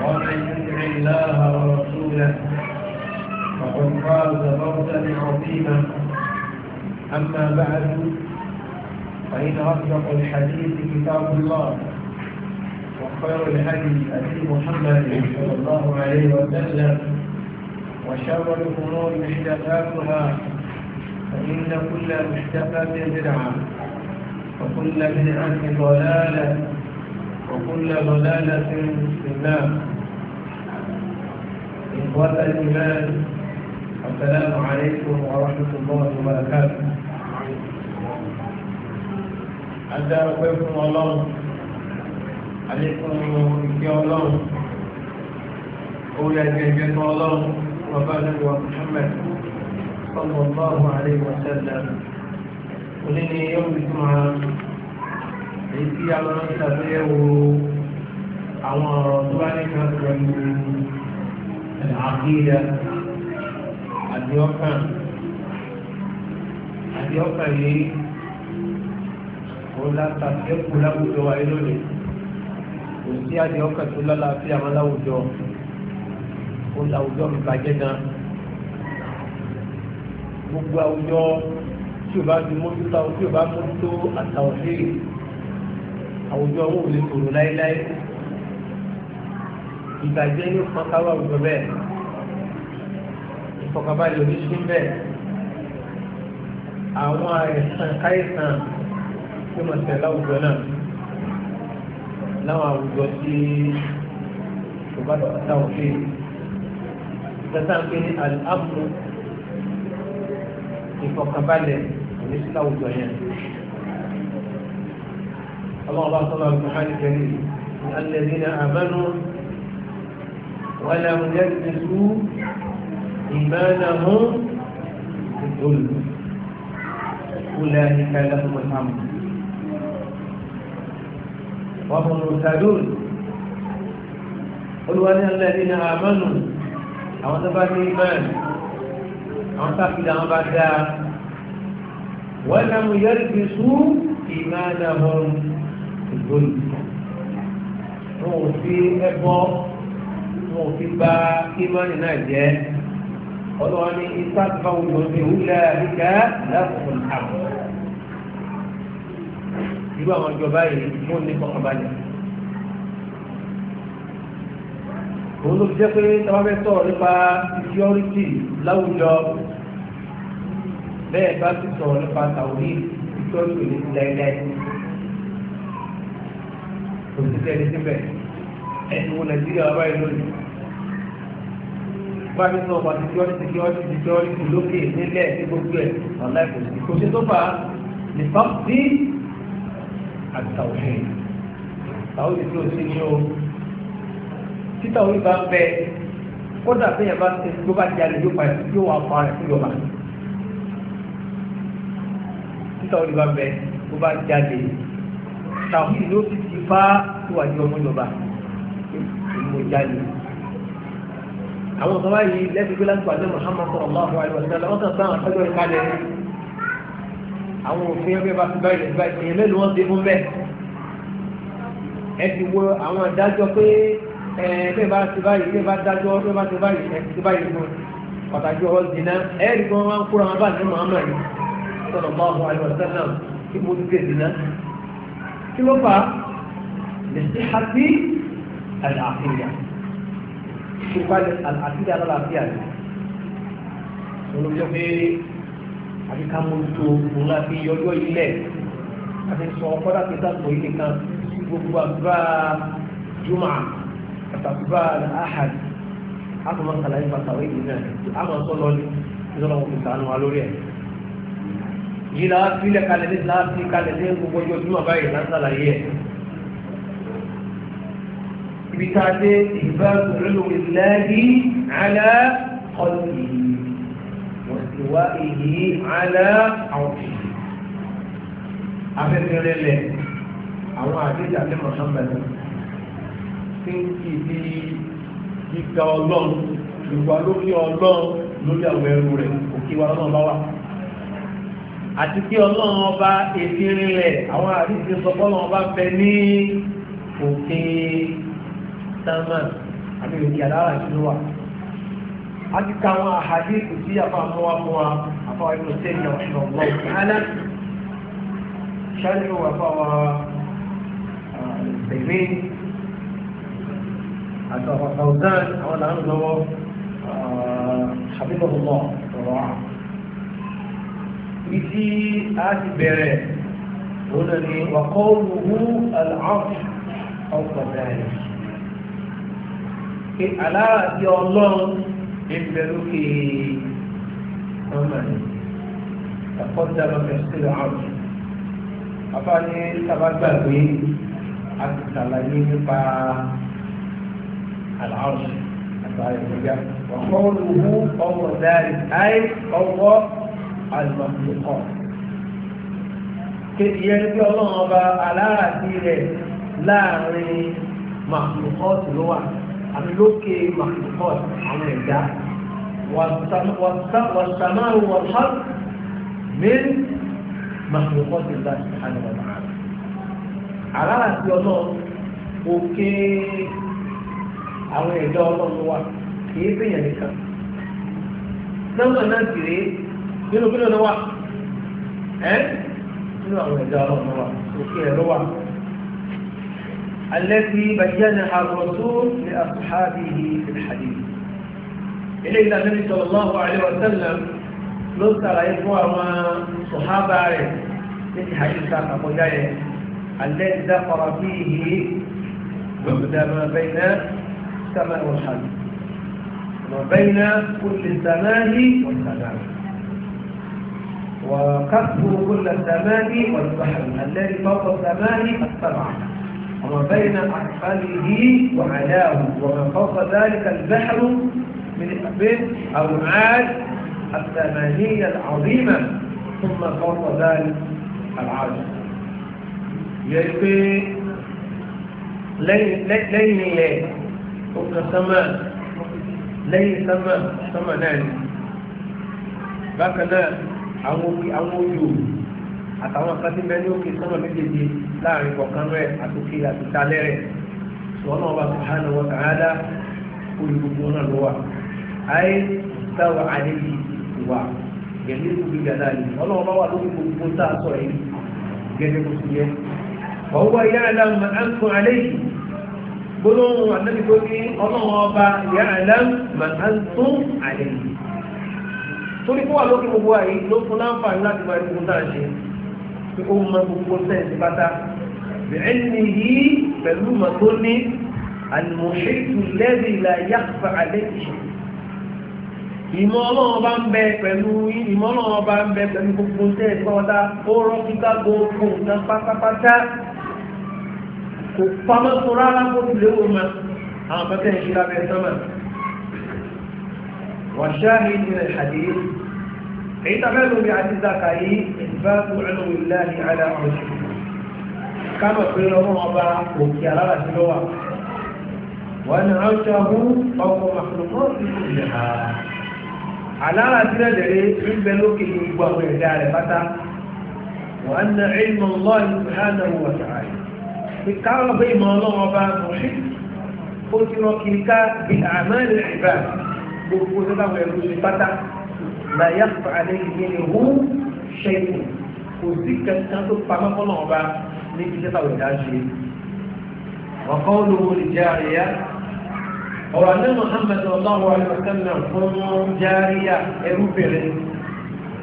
ومن يطع الله ورسوله فقد فاز فوزا عظيما أما بعد فإن أصدق الحديث كتاب الله وخير الهدي ابي محمد صلى الله عليه وسلم وشر الأمور محدثاتها فإن كل محدثة بدعة وكل بدعة ضلالة وكل ضلالة في النار إخوة الإيمان السلام عليكم ورحمة الله وبركاته أدعوكم الله عليكم يا الله أولى جنجة الله وبعد محمد صلى الله عليه وسلم ولني يوم الجمعة èyí tí a lọ ṣàgbéyẹ̀wò àwọn ọ̀rọ̀ tó bá ní kan pẹ̀lú àkíyà àti ọkàn àti ọkàn yìí kò látàkì kò láwùjọ wáyé lónìí kò sí àti ọkàn tó lọ́la sí àwọn láwùjọ kò láwùjọ mi bàjẹ́ náà gbogbo àwùjọ tí o bá ti mójútó tí o bá mójútó àtàwọn léèrè àwùjọ wọn ò lè tòrò láéláé ìbàjẹ́ yóò pọn káwá àwùjọ bẹ́ẹ̀ ìfọkànbalẹ̀ oníṣẹ́ bẹ́ẹ̀ àwọn àìsàn káìsàn tó mọ̀ tẹ̀lé àwùjọ náà láwọn àwùjọ tí kò bá tọ́ta òfin tata ń pè ní àlùfáà ìfọkànbalẹ̀ oníṣẹ́ àwùjọ yẹn. الله صلى الله عليه وسلم الذين آمنوا ولم يلبسوا إيمانهم بالظلم أولئك لهم الأمر وهم مرتدون قل الذين آمنوا أو تبعت إيمان أو تقل بعدها ولم يلبسوا إيمانهم lórí wọn ò fi ẹbọ wọn ò fi bà ìmọ̀nì náà jẹ́ ọlọ́wọ́ ní isa bá wọn lọ sí ìwúlẹ̀ àríkà lásìkò àbọ̀ irú àwọn ìjọba yìí fún ní kọkànbalẹ̀. òun ló fi jẹ́ pé táwọn fẹ́ sọ̀rọ̀ nípa security láwùjọ bẹ́ẹ̀ bá ti sọ̀rọ̀ nípa tàwọn ìjọ ìpele dáadáa kò sí ẹni síbẹ̀ ẹni wo nàìjíríà wà báyìí lónìí bá mi sọ ọba security security security lókè nílẹ̀ ní gbogbo ẹ̀ ọ̀la ẹ̀kọ́ sí kò sí tó fà á ní fáfí àtàwọ̀ṣe tàwọn ìdí ò sí ní o títà orí bá ń bẹ kódà bẹ́ẹ̀ bá ti tó bá jalè yóò pa yóò wá pa rẹ̀ fúyọ̀ba títà orí bá ń bẹ tó bá jalè tàwọn ìlú ti ti bá ìwàjú ọmọ ìjọba ìmọ̀jáde àwọn ọ̀sán báyìí lẹ́sìn pé láti pàdé Muhammad sallallahu alaihi wa sallam wọ́n sàn sáwọn àtọ́jọ́ ìkálẹ̀ àwọn òfin ẹgbẹ́ bá ti báyìí lẹ́sìn báyìí èèyàn mélòó wọ́n ti fún bẹ́ẹ̀ ẹ ti wo àwọn ìdájọ́ pé ẹ bẹ́ẹ̀ bá ti báyìí bẹ́ẹ̀ bá dájọ́ bẹ́ẹ̀ bá ti báyìí ẹ ti báyìí fún pàtàkì ọ̀rọ̀ zina ẹ rí kí wọ́n máa ń kóra wọn bá ní Muhammad sallallahu alaihi wa sallam kí kí ló fà á lè ṣe àti àlàáfíà ìpalẹ̀ àlàáfíà lọ́làáfíà rẹ̀ olùjọ́ pé àti ká mójútó òun láti yọjọ́ ilẹ̀ àti sọ ọkọ́ láti sàpò ilé kan gbogbo àdúrà jùmọ̀ àtàkùbà àhàd àtùmọ̀ sàlàyé pàtàkì ìdí náà àmọ̀ sọ́lọ́ọ̀lì ìdọ́lọ́wọ́ fi sànù wa lórí ẹ̀ yìí náà fílẹ̀ kalẹ̀ ní náà fi kalẹ̀ ní gbogbo ọjọ́ ojúmọ̀ báyìí náà sàlàyé ẹ̀. ibi tá a dé ìgbà òrìlò ìlẹ́ẹ̀dì alẹ́ ọ̀sì wọ̀síwá ìyí alẹ́ àwọ̀sì. afẹ́fẹ́ rẹ̀ lẹ̀ àwọn àdéjà ní Muhammad tí ń kì di gíga ọlọ́run ìwà lórí ọlọ́run lórí àwọn ẹrú rẹ̀ òkè wa lọ́nà bá wà àti kí ọlọ́run ọba èsì rinlẹ̀ àwọn àdìsí sọpọ́lọ́ ọba bẹ ní òkè sámà àbí òkè alára ìlú wa a ti ka àwọn àhàdí kò sí àfàmúwàmúwa àfàwọn ìlú sẹ́yìn àwọn ìlú ọ̀gbọ́n ìhánà ṣáájú àfàwọn ìpèmí àtàwọn fàwùzán àwọn làánù lọ́wọ́ àbíbọ̀ ọ̀rọ̀ àwọn ibi tí a ti bẹ̀rẹ̀ òun náà ni ọ̀kọ́ olùwú aláàfù ọ̀pọ̀ dáìrì pé aláàbí ọlọ́run ń bẹ lókè ọmọ rẹ̀ ẹ̀kọ́ tí a lọ bẹ̀rẹ̀ sí ọ̀hún. bàbá ní sábàgbàgbé a ti sàlàyé nípa aláàfù àti àyẹ̀wò yá ọ̀kọ́ olùwú ọwọ́ dáìrì àì ọwọ́ àlùmọ̀kùnkọ̀. ìyẹn ni pé ọlọ́run ọba aláràtí rẹ̀ láàrin màkùnkọ́ọ̀tì ló wà àmì lókè màkùnkọ́ọ̀tì àwọn ẹ̀dá wàtàmáwò wàtàmáwò min màkùnkọ́ọ̀tì láti àyẹ̀wò àárẹ̀. aláràtí ọlọ́run òkè àwọn ẹ̀dá ọlọ́run wà kì í bẹ̀yẹ̀ nìkan. lọ́wọ́ náà sì rèé. منو كله نوع ها نوع من نوع التي بينها الرسول لأصحابه في الحديث إلى أن النبي صلى الله عليه وسلم لطا على وما الصحابة عليه في حديث ساقة وجاية الذي ذكر فيه مبدا ما بين السماء والحديث ما بين كل السماء والسماء وكفر كل الزمان والبحر الذي فوق الزمان السبع وما بين أسفله وعلاه وما فوق ذلك البحر من أوعاد الثمانية العظيمة ثم فوق ذلك العرش يلقي لين لين فوق السماء لين سماء سماء ناني بكنا àwọn omi àwọn oyò àtàwọn kan tí mẹ́rin òkè sọ́nà méjèèjì láàrin kọ̀ọ̀kan rẹ̀ àtòkè àtìsálẹ̀ rẹ̀ sọ́nà ọba sùhánà wọn kàrádá olùgbogbo náà ló wà. ayé táwọn àlejò ìwà gẹ̀ẹ́dẹ́ ìlú gàdá yìí ọlọ́run bá wà lórí gbogbo tá a sọ yìí gẹ́gẹ́ bó ti yẹ. wọ́n wá ìyá àlámù àǹkùn àlejò gbólóhùn ànábìgbó torí fún wa lókè gbogbo àyè ló fún láǹfààní láti máa gbogbo náà ṣe pé ó mọ gbogbo sẹ́ǹsì pátá bẹ̀rẹ̀ nìyí pẹ̀lú mọ̀ tó ní àlùmọ̀ṣẹ́tù lẹ́rì ìlà yàtọ̀ alẹ́ ìṣe ìmọ̀ ọlọ́run bá ń bẹ pẹ̀lú ìmọ̀ ọlọ́run bá ń bẹ pẹ̀lú gbogbo sẹ́ǹsì pátá ó rọ́ kíká gbogbo nǹkan pátápátá kò pamọ́ sọ rárá kó tilẹ̀ wò ma àwọn akẹ́kẹ́ ìṣúra والشاهد من الحديث عندما بعد الزكاية إنفاق علو الله على عرشه كما قيل رعبا وكيرا سلوى وأن عرشه فوق مخلوقات كلها على رأسنا دري من بلوك الإبوة ويدار فتا وأن علم الله سبحانه وتعالى في كعب ما رعبا محيط قتل كلك بأعمال العباد gbogbo sábàwọn ẹ̀rọ ṣe pátá làyà fàlẹ́ yìí ni hù ṣẹ́yìn kò sí kankan tó pamọ́ fọlọ́ ọba níbi sábàwọn ẹ̀dá ṣe. ọ̀kan olówó lè jẹ́ àríyá ọ̀rọ̀ alẹ́ Muhammad ọlọ́wọ́ alẹ́sẹ̀lẹ̀ fún járíyá ẹrú bẹ̀rẹ̀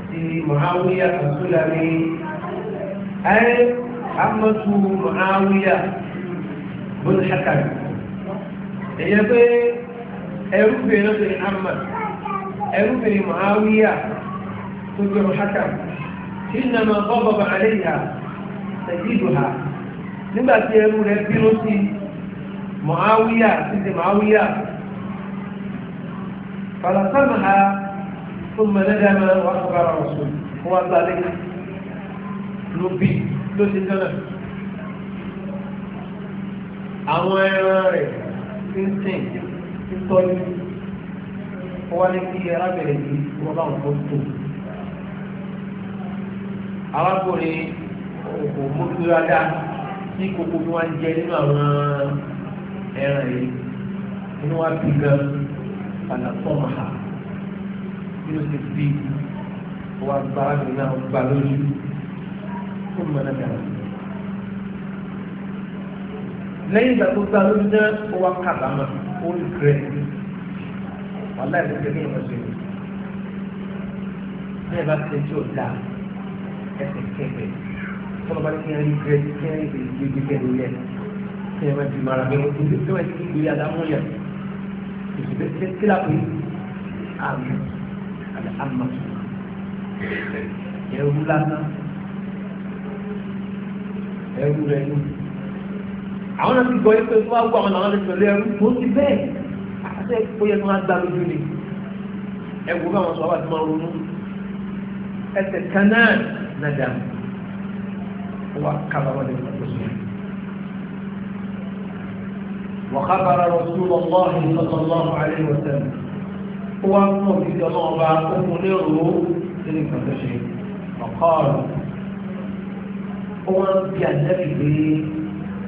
ti Muawiya àtúlàmì ayé amadu Muawiya bọ́lá ṣàkàrẹ̀ èyẹ pé. ẹrúfẹ́ lọ́sẹ̀ Ahmad ẹrúfẹ́ Muawiya tó jọrọ haka ìnàmà bọ́bọ̀bà àlẹ́yà tẹ̀síìdù ha nígbà ẹrú rẹ̀ bínú sí Muawiya títí Muawiya falasama ha fún ha wà sọ́kàrà ọ̀sùn fún wa gbalẹ̀ ló ló ti dáná àwọn ẹran rẹ̀ tí títọ́jú ó wá ní kí arábìnrin yìí wọ́n bá wọn kó tó. arákùnrin kò mójú dáadáa tí kókó tí wọ́n ń jẹ nínú àwọn ẹran yìí inú wa bí gan àlàfọ́ màá inú ti bí wa gba arábìnrin náà gba lójú fún mọ́nà mẹ́rin lẹ́yìn ìgbà tó gba lójú náà ó wá kàlámà old grey wàhálà ìrẹsẹ̀ ní ìrọ̀lẹ́ bẹ́ẹ̀ bá ti tí ò da ẹsẹ̀ kẹfẹ́ tọ́lọ́ bá ní kí ẹni grey kí ẹni grey gbé kẹ́ni yẹ kí ẹni máa fi mara mi wọ́n ti tó ẹni gbé adámú yẹ ìṣẹ̀lẹ̀ kílà pé àmì àti àmà ẹ̀rú lásán ẹ̀rú rẹ̀ yìí àwọn náà ti gbọ́ yẹ pé tó bá wù àwọn làwọn lè pẹ̀lú ẹrú tó ti bẹ́ẹ̀ àti ẹ̀kọ́ yẹ kí wọ́n á gbà lójú ni ẹ̀wù báwọn sọ wà tó máa ronú ẹsẹ̀ kan náà nàdà wà kábàámọ̀ lè pàtó sí وخبر رسول الله صلى الله عليه وسلم هو أمر في الله أمره تلك فقال هو أمر في النبي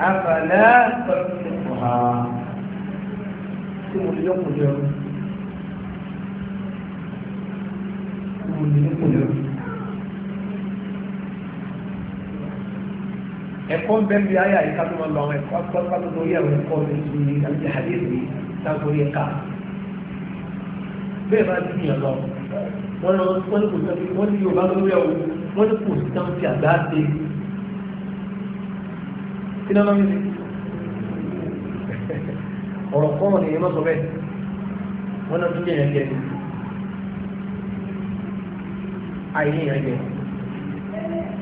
àfàlẹ́ tọ́lọ́sẹ̀kọ̀ ha tí mo lè yọkùn jẹ mo lè yọkùn jẹ. ẹ̀kọ́ ń bẹ́ẹ̀ bí ayé àyíká tó máa lọ àwọn ẹ̀kọ́ akọ́kọ́ tó lórí àwọn ẹ̀kọ́ mi ti ní àbíjà àdéhùn táwọn orí ẹ̀ka bẹ́ẹ̀ bá ti yàn lọ wọ́n ní kò sí wọ́n ní Yorùbá lórí ẹ̀wọ̀n wọ́n ní kò sí táwọn ti àgbà ṣe kí lọ́nà mi ọ̀rọ̀ kọ́ ọ̀nà èèyàn mọ́sọ̀ bẹ́ẹ̀ wọ́n náà tún jẹ́ yẹn jẹ́ àìní yẹn jẹ́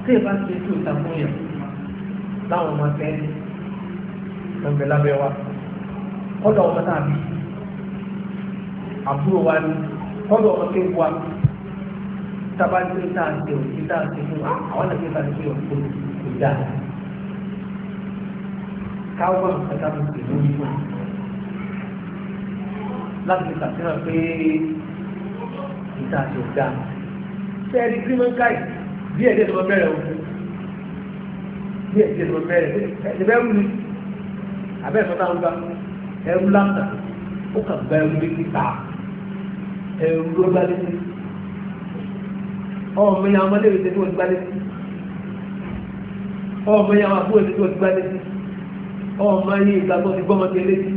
tí ìbá ṣe tí òta fún yẹn láwọn ọmọ tẹ́lẹ̀ lọ́n bẹ lábẹ́ wa kọ́dọ̀ ọmọ náà bí àbúrò wa ni kọ́dọ̀ ọmọ tó wà tábàtì tá a ṣe òkè tá a ṣe fún wa àwọn àti ìbá ṣe òkè kò dáa káwọn ẹ̀ka tó pè lórí fún láti lè ṣàfihàn pé ìta tó ga sẹ́ẹ̀rì gírímọ́ńkáì díẹ̀ díẹ̀ tó máa bẹ̀rẹ̀ o díẹ̀ díẹ̀ tó máa bẹ̀rẹ̀ ẹ̀ẹ́dẹ̀bẹ̀ ẹ̀rù ni abẹ́ ìfọ́tà ń gbà ẹ̀rù láǹtà ó kàn gba ẹ̀rù létí ta ẹ̀rù ló gbá létí ọmọ ìyá ọmọdé rẹ̀ tó ti gbá létí ọmọ ìyá ọmọ àbúrò rẹ̀ tó ti gbá létí ọmọ yìí ìgbà tó ti gbọ́mọ tẹ́lẹ̀ sí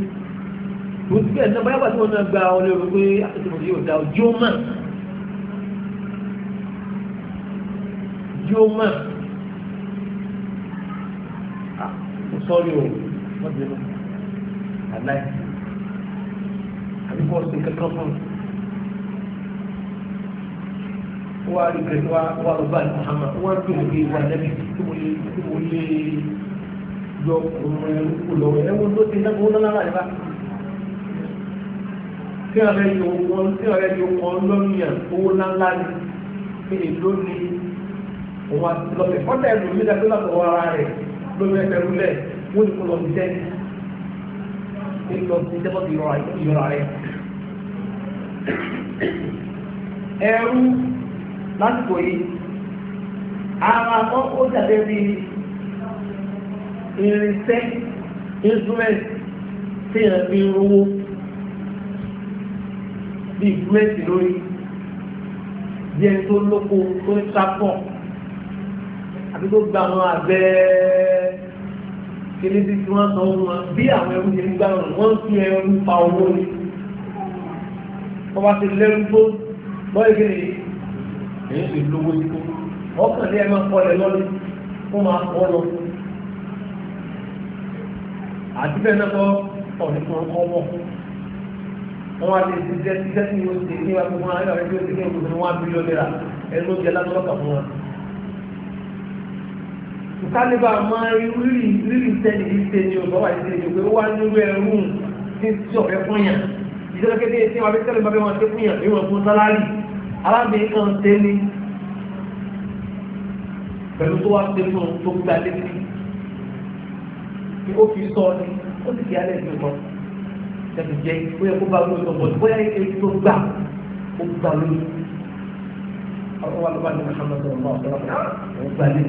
kò sí bẹ́ẹ̀ náà báyà pàṣẹ wọn náà gba ọlẹ́rú pé àtẹ̀tẹ̀mọ̀ ah, yóò da ojú ọmọ ojú ọmọ Ah, sọ́ọ́rì o wọ́n ti lọ àláì àbí bọ́ọ̀lù ti kankan fún un wọ́n á rí pẹ̀lú wa wà lọ́ba àti Muhammad wọ́n á dùn òbí wa lẹ́bi tó wọlé tó wọlé yọ òun ẹrú kò lọ́wọ́ ẹ̀wọ̀n ló ti lẹ́kọ̀ọ́ lọ́la rẹ̀ bá. tí ọ̀rẹ́ yìí wọ́n tí ọ̀rẹ́ yìí wọ́n lọ́nìyàn owó ńláńlá ni pé èló ni òun àti lọ́sẹ̀ fọ́tà ẹ̀rù mi dàgbé látọ̀wọ́ ara rẹ̀ lórí ẹ̀fẹ̀ rúlẹ̀ wọ́n ti kó ni. síṣẹ́ ní lọ síṣẹ́ bọ́ ti yọra rẹ̀. ẹrú lásìkò yìí ara wọn ó bíi irinṣẹ́ instrument tí èèyàn fi ń rówó bí instrument lórí bí ẹni tó lóko tó ní tractor àbí tó gba àwọn abẹ́ kìnìún tí wọ́n san wọn bí àwọn ẹrú yẹn gbà wọn wọ́n fi ẹrú pa owó ni wọ́n bá ti lẹ́rú tó lọ́yẹ̀ kí ni èyí ti lówó yìí tó ọkàn ní ẹ máa kọ́ ẹ lọ́lẹ̀ kó máa kọ́ lọ àti bẹ́ẹ̀ náà kọ́ ọ̀nì kan kọ́ wọ́ wọ́n wá lè ṣe jẹ́ ṣiṣẹ́ tí yóò ṣe ní wàá wọn ayélujára tí yóò ṣe ní ìlú ní wọn bílíọ̀nù náírà ẹni ló jẹ lásọ̀kà fún wa. ìkálíbà máa ń rírì rírì tẹ́lẹ̀ yìí ṣe ni ọ̀gá wà ní ṣe ni pé ó wá nírú ẹrú tí tí ọ̀fẹ́ fún yàn ìṣẹ́jọ́ kékeré tí wọn fi tẹ́lẹ̀ bàbá wọn ṣe fún yàn ìwọ̀n fún sálárì alábìnrin kan tẹ́lẹ̀ pẹ̀lú tó wá ṣe fún tó gbà lé kí ó fi sọ ni ó sì fi alẹ́ ìlú kan tẹ̀sí jẹ́ ó yẹ kó bá lóyún tó bọ̀dọ̀ bóyá èyí tó gbà ó gbà lóyún. àwọn wa ló bá ní Muhammad sọ̀rọ̀ máa sọ̀rọ̀ kan ó gbà ní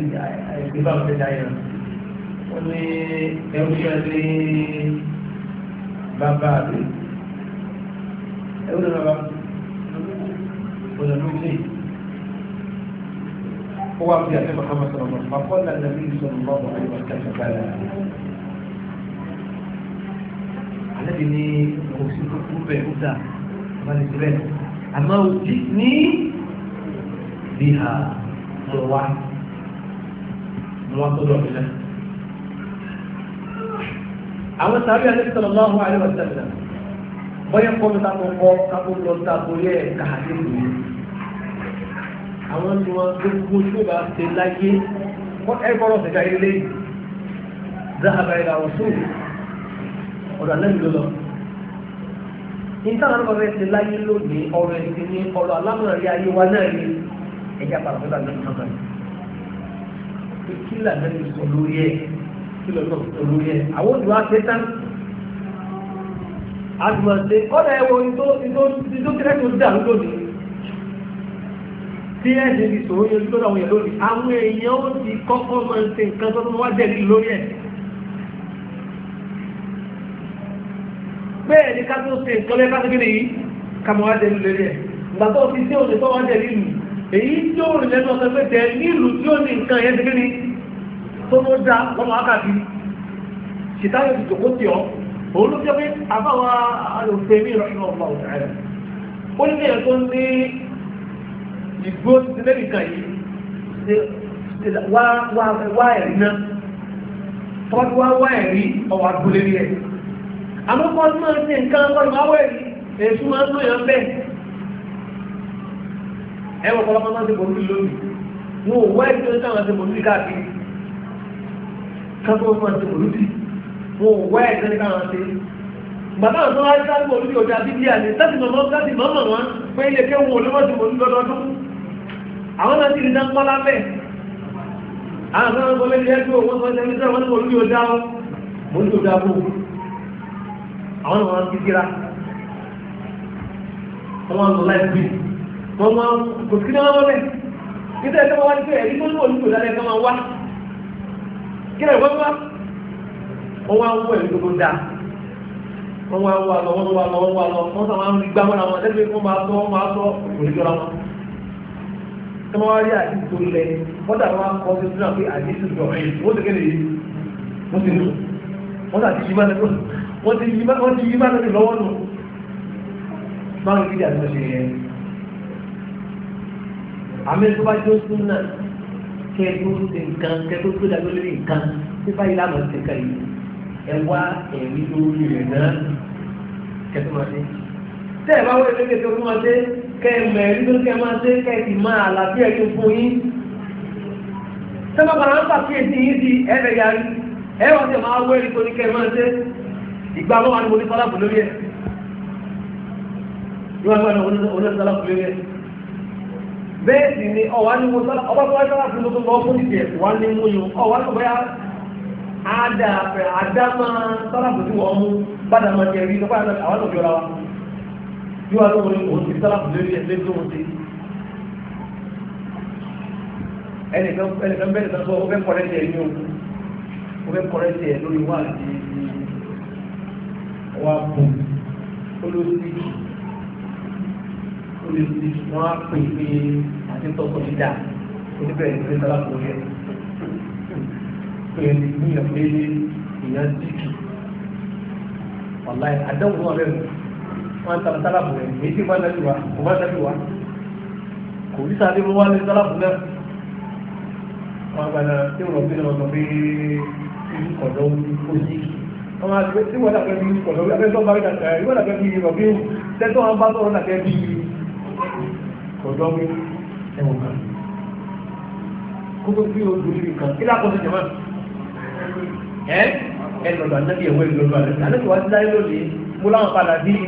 àìsí bá wọn tẹ̀lé àyàn. wọ́n ní ẹrú ní bàbá àbí ẹrú ní bàbá ọ̀nà lóyún yìí. هو عبد الله محمد صلى الله عليه وسلم فقال النبي صلى الله عليه وسلم àlẹ́bí ní kò sí tó kú bẹ́ẹ̀ ó dà bá lè ṣe bẹ́ẹ̀ àmọ́ òjì ní bíhà mo wá mo wá tó lọ mi náà. àwọn sàbí àlẹ́ sọ̀rọ̀ náà wọ́n àlẹ́ wọ́n sẹ́sẹ̀ bọ́yá kọ́mi ta kọ́ kọ́ kákó lọ sí àkórí ẹ̀ káàdé ìlú àwọn tí wọ́n gbogbo tí bá ṣe láyé wọ́n ẹ̀ kọ́ lọ́sẹ̀ ká ilé ذهب إلى رسوله ọ̀dọ̀ alẹ́ mi ló lọ. níta náà lọ́wọ́ ti láyé lónìí ọ̀rọ̀ ẹ̀sìn ní ọ̀rọ̀ alámọ̀rí ayé wa náà ni ẹ̀já parapọ̀ náà lọ́wọ́ náà ni. kí lànà mi sọ lórí ẹ̀ kí lọ́nà sọ lórí ẹ̀ àwọn òdùwà ṣe tán àdùmọ̀ṣe kọ́nà ẹ̀wọ̀ ìdókẹ́rẹ́ tó dà lónìí tí ẹ̀sìn ti sòwò yẹn lórí àwọn èèyàn lónìí àwọn èèyàn ti kọ́kọ́ bẹ́ẹ̀ ni ká tó ṣe nǹkan lẹ́ka tó kéde yìí kàmọ́ wá dẹ̀lú lẹ́rẹ̀ ìgbà tó fi sí òṣèlú wá dẹ̀lú ìlú èyí tí ó rìn lẹ́nu ọ̀sẹ̀ pé tẹ̀ ní ìlú tí ó ní nǹkan yẹn ti kéde tó ló dá lọ́mọ àkàbí ṣìtáyé ti jòkó tì ọ́ òun ló jẹ́ pé àbáwa àlòfẹ́ mi ìrọ̀ṣọ́ ọ̀pá ọ̀sẹ̀ rẹ̀ ó ní kéèyàn tó ń ní ìgbó ti lẹ́nu kan yìí wá ẹ̀rí náà tọ́jú wá ẹ̀rí ọ̀wà àmọ́ kọ́ ọdún máa ń ṣe nǹkan kọ́ ọdún máa wẹ̀rí èṣù máa ń lò yàn bẹ́ẹ̀. ẹ wọ kọ́lọ́ máa ń ṣe bòmí lónìí wọn ò wá ìdíwọ́n táwọn ṣe bòmí káàkiri káàkiri wọn ṣe bòmí wọn ò wá ìdíwọ́n táwọn ṣe bàbá àwọn tó wá sí sáàbù olùdí ọjà bíbí àti láti mọ̀mọ́ láti mọ̀mọ́ wọn pé ilé kéwọn olówóṣù mọ̀lú lọ́dọọdún àwọn náà ti rí náà pọ́lá bẹ́ẹ̀ àwọn kan wọn kọ́ lé ní ẹgbẹ́ òun wọn sọ ẹni sẹ́wọ́n ní olùdí ọjà àwọn náà wọ́n ti síra wọ́n wá ń lọ láì bíi wọ́n máa ń kò sí náà lọ́lẹ̀ nígbà tí wọ́n wá ní pé ẹ̀rí tó ń wọ̀ nípò lálẹ́ kan máa wá kí lè wọ́n wá wọ́n wá ń wọ ẹ̀rí tó dáa wọ́n wá wà lọ wọ́n wà lọ wọ́n wà lọ wọ́n sọ máa ń gbá mọ́ra wọn lẹ́gbẹ̀ẹ́ kí wọ́n máa sọ wọ́n máa sọ òní jọra wọn tí wọ́n wá rí àdìsí tó lẹ wọ́n dàbí wọ́n kọ́ sí sínú àpé àdìsí tó rẹ̀ wọ́n ti kéde yìí wọ́n ti nù wọ́n ti àdìsí bá lẹ́gbẹ̀ẹ́ wọ́n ti yí bá lórí lọ́wọ́ nù báwọn ìdílé àti ọ̀ṣẹ̀ yẹn àmì tó bá jó sún náà kẹ́ tó ṣe nǹkan kẹ́ tó tó dàgbé lórí nǹkan tí báyìí lámà ti kà yìí ẹ wá ẹ̀rí lórí rẹ̀ náà kẹ́ tó máa dé tẹ́ ẹ̀ bá wọ́n ẹ̀rí kẹ́ tó máa dé kẹ́ ẹ̀ mọ̀ ẹ̀rí ló kẹ́ máa dé kẹ́ ẹ̀ sì máa àlàáfíà tó fún yín sẹ́fà bàrà ń pàkíyèsí yín sí ẹ̀rẹ̀ yarí ẹ̀ wọ́n ti máa wẹ́rí tó ní kẹ́ máa dé ìgbà lọ́wọ́ ni mo ní sálàpù lórí ẹ̀ ìwà ìgbà náà mo ní sálàpù lórí ẹ̀ bẹ́ẹ̀ sì ni ọ̀wá ni mo sálàpù ọba tó wá sálàpù lórí lọ́wọ́ fún ìdí ẹ̀ wá ní mú yun ọ̀wá ní ọ̀bẹ́yà àdá fẹ́ àdá máa sálàpù tí wọ́n mú padà máa jẹ rí lọ́pàá àwọn náà jọra wa ìwà lọ́wọ́ ni mo ní sálàpù lórí ẹ̀ lé ẹnìkan bẹ́ẹ̀ sọ fún ọ fẹ́ kọ́rẹ́tì ẹ̀ ní o fẹ́ kọ́rẹ́tì ẹ̀ lórí wáàdì wá fún olùsíkì olùsíkì wọn á pè pé àti tọkọ dídá oníbẹ̀rẹ̀ ìgbésẹ̀ sábà kò yẹ pé níyàn pé èèyàn síkì wàláyé àdéhùn wọn bẹ̀rẹ̀ wọn tàbí sábàbù rẹ̀ èyí tí wọn lẹ́nu wa kò bá lẹ́nu wa kò ní sáré wọn wá lé sábàbù náà wọn gbàdá tí wọn bí wọn sọ pé ìlú kọ̀dọ̀ ó ọmọ àti tí wọ́n dàbẹ́ bí pọ̀lọ́ abẹ́tọ́ bá rí dàtà rí wọ́n dàbẹ́ bí rọ̀bí tẹ́tọ́ wọn bá tọ́rọ dàbẹ́ bí ọ̀dọ́ mi ẹ̀wọ̀n kan kó tó bí o lórí kan kí lápò tó jẹ̀mọ́ ẹ̀ ẹ̀ lọ́dọ̀ anábì ẹ̀wọ́ ẹ̀ lọ́dọ̀ alẹ́ alẹ́ tó wá sí láyé lónìí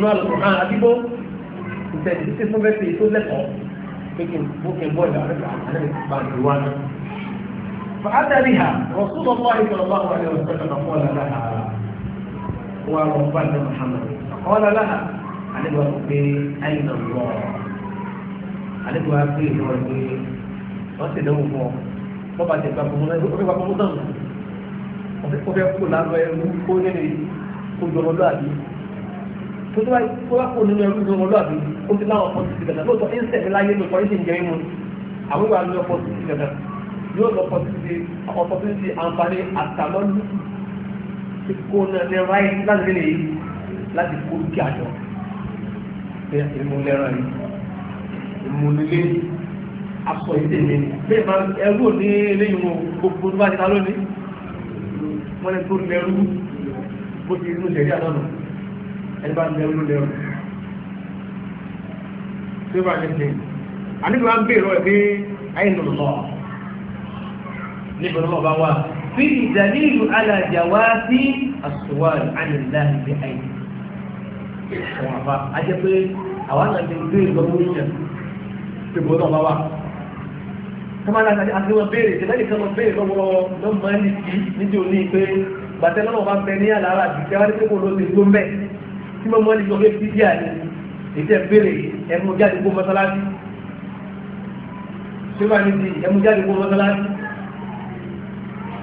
mo فأتى بها رسول الله صلى الله عليه وسلم قال لها wọn àwọn ọba ní Muhammad ọ̀la láha àlejò wa pé àyìnà lọ àlejò wa pé ìlú rẹ pé wọ́n ti dẹ́wọ̀ fún ọ wọ́n bá ti gba fún wọn ó fẹ́ gba fún wọn náà ó fẹ́ kó lálọ́ ẹrú kó nínú kó jọrọ lọ́àbí tó tó bá kó bá kó nínú ẹrú jọrọ lọ́àbí ó ti láwọn ọkọ̀ títí dandan lóòótọ́ ẹ̀ láyé lóòótọ́ ẹ̀ sì ń àwọn ìwà lọ́ọ̀kọ̀ títí dandan yóò lọ́ọ̀kọ̀ títí ọkọ̀ títí àǹfààní àtàlọ́lù ti kó náà lè ráyè láti fi lè yí láti kó kí àjọ pé ìmúlẹ́ràn yìí ìmúlẹ́lẹ́ aṣọ ìdèmí bẹ́ẹ̀ máa ẹrú ní eléyìí wọn gbogbo tó bá ti ta lónìí wọ́n lè tó lẹ́rú bó ti inú ìṣẹ̀lẹ̀ àdánù ẹni bá lẹ́rú ló lẹ́rú. tó bá ní sìn àníbi wọn bèèrè ọ ẹ pé ayé nù lọ níbi ọlọ́mọba wà. فيه دليل على جواز السؤال عن الله بأي ajẹ́ pé àwọn àti ìgbé ìgbọ́nwó yẹn ti gbọ́dọ̀ bá wà kọ́mọ́lá àti wọn béèrè tẹ́lẹ̀ kan wọn béèrè lọ́wọ́ lọ́mọ ẹni tí nídìí òní pé bàtẹ́ lọ́wọ́ bá bẹ ní àlàárà àti kẹwàá nípa kò ló ti tó mẹ́ tí mọ́mọ́ ẹni sọ pé fídí àní ìjẹ́ béèrè ẹmu jáde kó mọ́sálásí ṣé wàá ní ti ẹmu jáde kó mọ́sálásí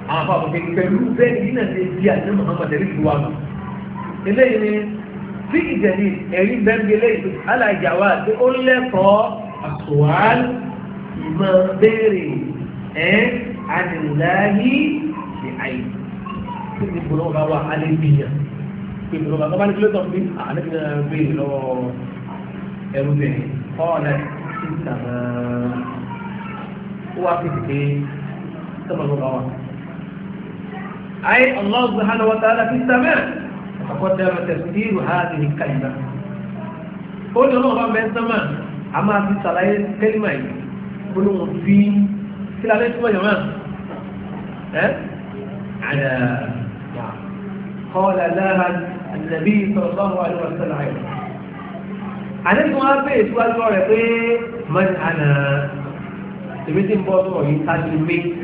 àwọn afọ àkọsẹ pẹ̀lú bẹ́ẹ̀ yìí náà ṣe di àti Muhammad ẹrí tó wà lọ eléyìí ni tí ìjẹ̀bi ẹ̀rí bẹ́ẹ̀ eléyìí alájà wa tí ó lẹ́kọ̀ọ́ àtùwàl ìmọ̀ béèrè ẹ̀ àdìláyé ṣe àyè tí ní bọ̀lọ́ bá wà á lè bìyàn pé bọ̀lọ́ bá bá ní kílódé ọ̀hún àná fi náà béèrè lọ́wọ́ ẹrú bẹ̀rẹ̀ ọ̀ọ́lẹ̀ ìtàn ó wá fi أي الله سبحانه وتعالى في السماء فقدم تفسير هذه الكلمة قل الله بين السماء أما في صلاة كلمة كل في السماء ليس ما جماعة على قال لها النبي صلى الله عليه وسلم أنا wa في síwájú ọ̀rẹ́ pé mọ́ni àná èmi ti ń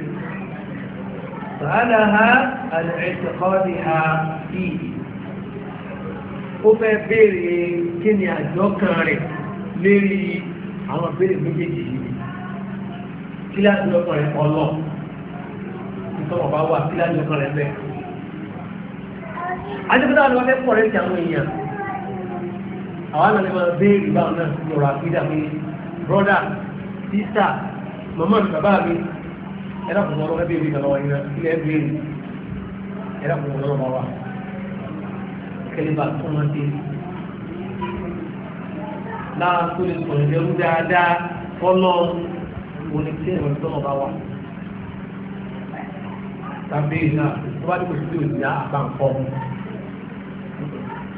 يسألها عن اعتقادها فيه ó fẹ́ béèrè kí ni àjọ kan rẹ̀ lérí àwọn béèrè méjèèjì yìí kí láti ọkàn rẹ̀ ọlọ́ ìtọ́wọ̀ bá wà kí láti ọkàn rẹ̀ bẹ́ẹ̀. adébútà ni wọ́n fẹ́ pọ̀ rẹ̀ ti àwọn èèyàn àwọn àna ni wọ́n béèrè báwọn náà lọ́rọ̀ àfídà mi brọ́dà sísà màmá mi bàbá mi ẹ̀rọ kùn ọlọ́rọ̀ ẹbí ìrìn lọ́wọ́ yẹn ilẹ̀ ẹbí ìrìn ẹ̀rọ kùn ọlọ́rọ̀ máa wà kẹlẹ́bà tó wọn dé lára tó lè sọ̀rọ̀ ìdẹ́rú dáadáa fọ́lọ́ òní tí ẹ̀rọ tó wọn bá wà tàbí iná tó bá dìbò sí òní àbáǹkọ́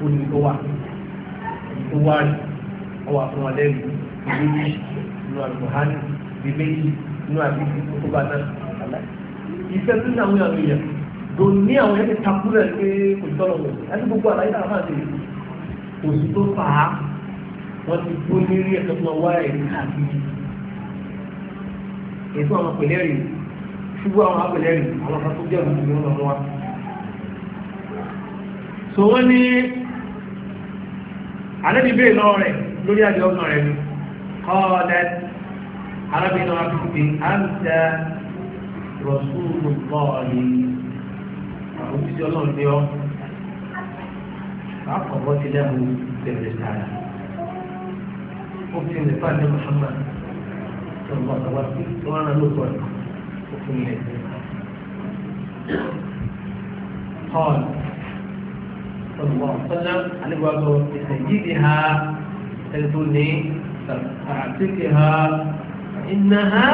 òní tó wà tó wà rí ọwọ́ àfọwọ́ lẹ́nu ìlú yìí nínú àlùkò hánì bíbélì nínú àbíkú tó bá náà ìfẹ́ tó ní àwọn èèyàn lóye ló ní àwọn èèyàn ti takú rẹ̀ pé kò sí tọ́lọ̀ wọn ẹni gbogbo àlàyé náà máa ṣe kò sí tó fà á wọ́n ti gbó lérí ẹ̀tọ́ tó máa wá ẹ̀ káàkiri ètò àwọn pẹ̀lẹ́ rè ṣùgbọ́n àwọn apẹ̀lẹ́ rè àwọn kan tó jẹ́ òkú ló ń lọ wá. sọ wọ́n ní àlẹ́bí bẹ́ẹ̀ lọ lórí àjọ ọ̀gbọ̀n rẹ̀ ni kọ́ ọ̀dẹ́ arábìnrin náà fi kúbi àǹtẹ̀ رسول الله أعوذ بسي الله البيض عقب الله إله في الرسالة إن الفاتح محمد صلى الله عليه وسلم وأنا نطور وكم قال صلى الله عليه وسلم أنا أقول بسيدها تلتوني أعطيتها إنها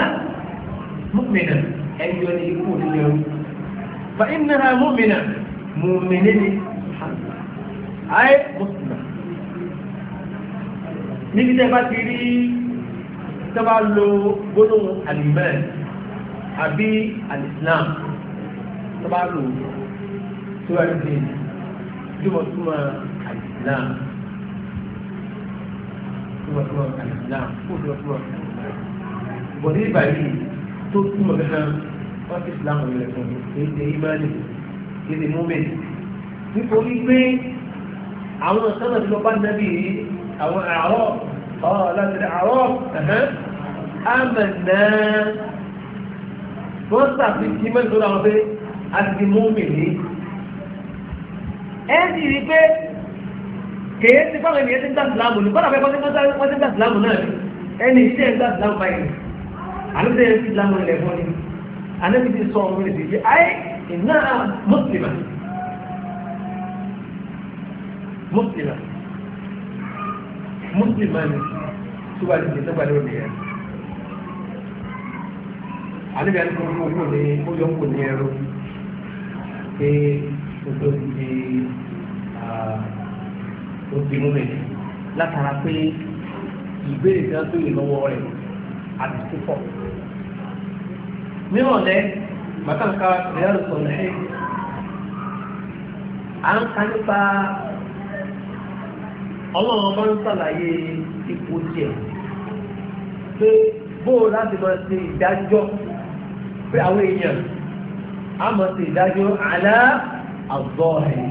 مؤمنة ẹjọ́ ní ikú òní ẹrú fa innaha mu'mina mu'mini ni ayé mùsùlùmá níbi tẹ́ bá ti rí tọ́ba lo gbólóhùn alimẹ́ẹ̀ àbí alìsílám tọ́ba lò tó wà ní jùmọ̀túmọ̀ alìsílám jùmọ̀túmọ̀ alìsílám kó jùmọ̀túmọ̀ bọ̀ ní ìbàyìí tó túmọ̀ nínú wọ́n ti islam rẹ̀ fún èyí ṣe imani èyí ṣe mumin nítorí pé àwọn sọ́nà tí wọ́n bá nàbí yìí àwọn àárọ̀ ọ̀ láti àárọ̀ àmàna wọ́n sàfihàn imani tó dáwọn pé a ti di mumin ní. ẹ sì rí pé kèé ti fáwọn ènìyàn ti ń dá ìsìlámù ní kọ́nà fẹ́ kọ́ ti ń dá ìsìlámù náà ẹni iṣẹ́ ń dá ìsìlámù báyìí àlejò yẹn ti lánàá ilẹ̀ fún ni àlejò ti sọ ọmọ ìdí yìí ayé iná mùsùlùmá mùsùlùmá mùsùlùmá ni tó bá ti tẹ̀sán balẹ̀ òní yẹn àlejò yẹn ti kọ́ owó ní oyè owó ní ẹrú pé ti di ó ti mú mi látara pé ìbéèrè kan tó yẹ lọ́wọ́ rẹ̀ àti púpọ̀. nírọ̀lẹ́ màkàǹkà ìyáàrú sọ̀rọ̀ ṣe à ń ka nípa ọlọ́run bá ń sàlàyé ipò tiẹ̀ pé bóò láti máa ṣe ìdájọ́ pé àwọn èèyàn á máa ṣe ìdájọ́ àlá àzọ́ ẹ̀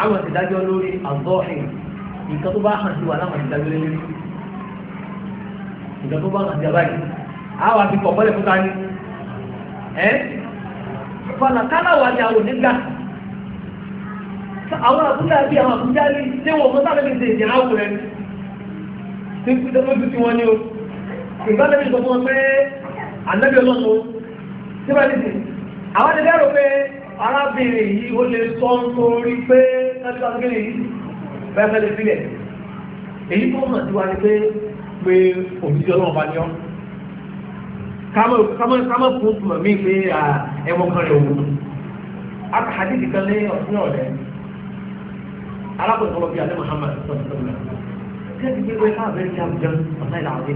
àwọn ìdájọ́ lórí àzọ́ ẹ̀ nǹkan tó bá hàn sí wa láwọn ìdájọ́ lórí ìjọ tó bá wọn àti àbáyé àwọn àti kọ̀ọ̀kọ́lẹ̀ fúnta ni ẹ́ fọlá káláwà ni àwọn onígbà àwọn àbúlé àbí àwọn àbújá ní ṣé wọn mọ́tà lẹ́bi ṣe ìyẹn àwò rẹ̀ ṣé kí lójú tí wọ́n ní o ìgbà lẹ́bi sọ fún ọ pé ànábì ọlọ́nu ṣé bá lè ṣe àwọn ẹ̀dẹ́ rò pé arábìnrin yìí ó lè sọ nítorí pé kájú àgbẹ̀rẹ̀ yìí bẹ́ẹ̀ fẹ́ lè sílẹ̀ èyí tó mọ̀ sí wa ni pé pé òjíṣẹ́ ọlọ́run bá ní ọ́ kámọ́ fún tùmọ̀ mí pé ẹ̀wọ̀n kan rẹ̀ wò àkàdìdì kan lé ọ̀sìn ọ̀rẹ́ alákòóso ọlọ́bí alẹ́ Muhammad sọ̀rọ̀ sọ̀rọ̀ kí ẹ ti gbé pé káàbẹ̀ ti àbújá ọ̀nà ìlàwé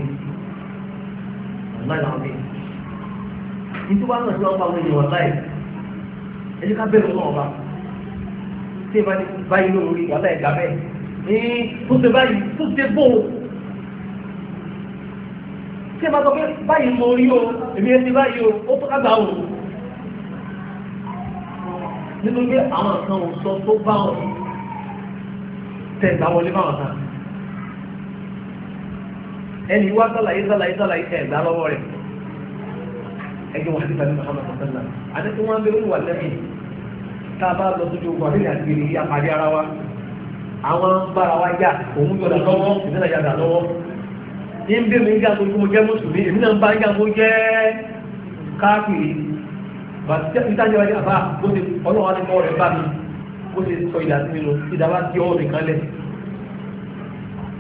ọ̀nà ìlàwé nítorí wọn lọ sí ọba àwọn ènìyàn láì ẹ jẹ́ ká bẹ̀rù náà ọba tí ẹ bá ní báyìí lórí wàhálà ẹ̀dá bẹ́ẹ̀ ní tó ṣe báyìí tó ṣe bóun tí ẹ bá sọ pé báyìí mo rí o èmi ẹ ti báyìí o ó tó kágbà o nínú pé àwọn kan ò sọ tó bá wọn tẹ ìgbà wọlé báwọn kan ẹni wá sàlàyé sàlàyé sàlàyé tẹ ìgbà lọ́wọ́ rẹ̀ ẹgbẹ́ wọn àdìgbà ní muhammadu sallam àdìgbà wọn bẹ wíwà lẹ́yìn tá a bá lọ sójú ogun àti ìyàgbé ìyá parí ara wa àwọn bára wa yá òun yọ̀dà lọ́wọ́ ìdílé yàdà lọ́wọ́ ní ń bí mi ń gbàgbọ́ kí mo jẹ́ mùsùlùmí èmi náà ń bá ń gbàgbọ́ jẹ́ káàkiri ìtajà wájú àbá bó ṣe ọlọ́wọ́ ní kọ́ rẹ̀ bá mi bó ṣe sọ ìdá sí mi nù ìdáwà tí ọ̀rọ̀ nìkan lẹ̀.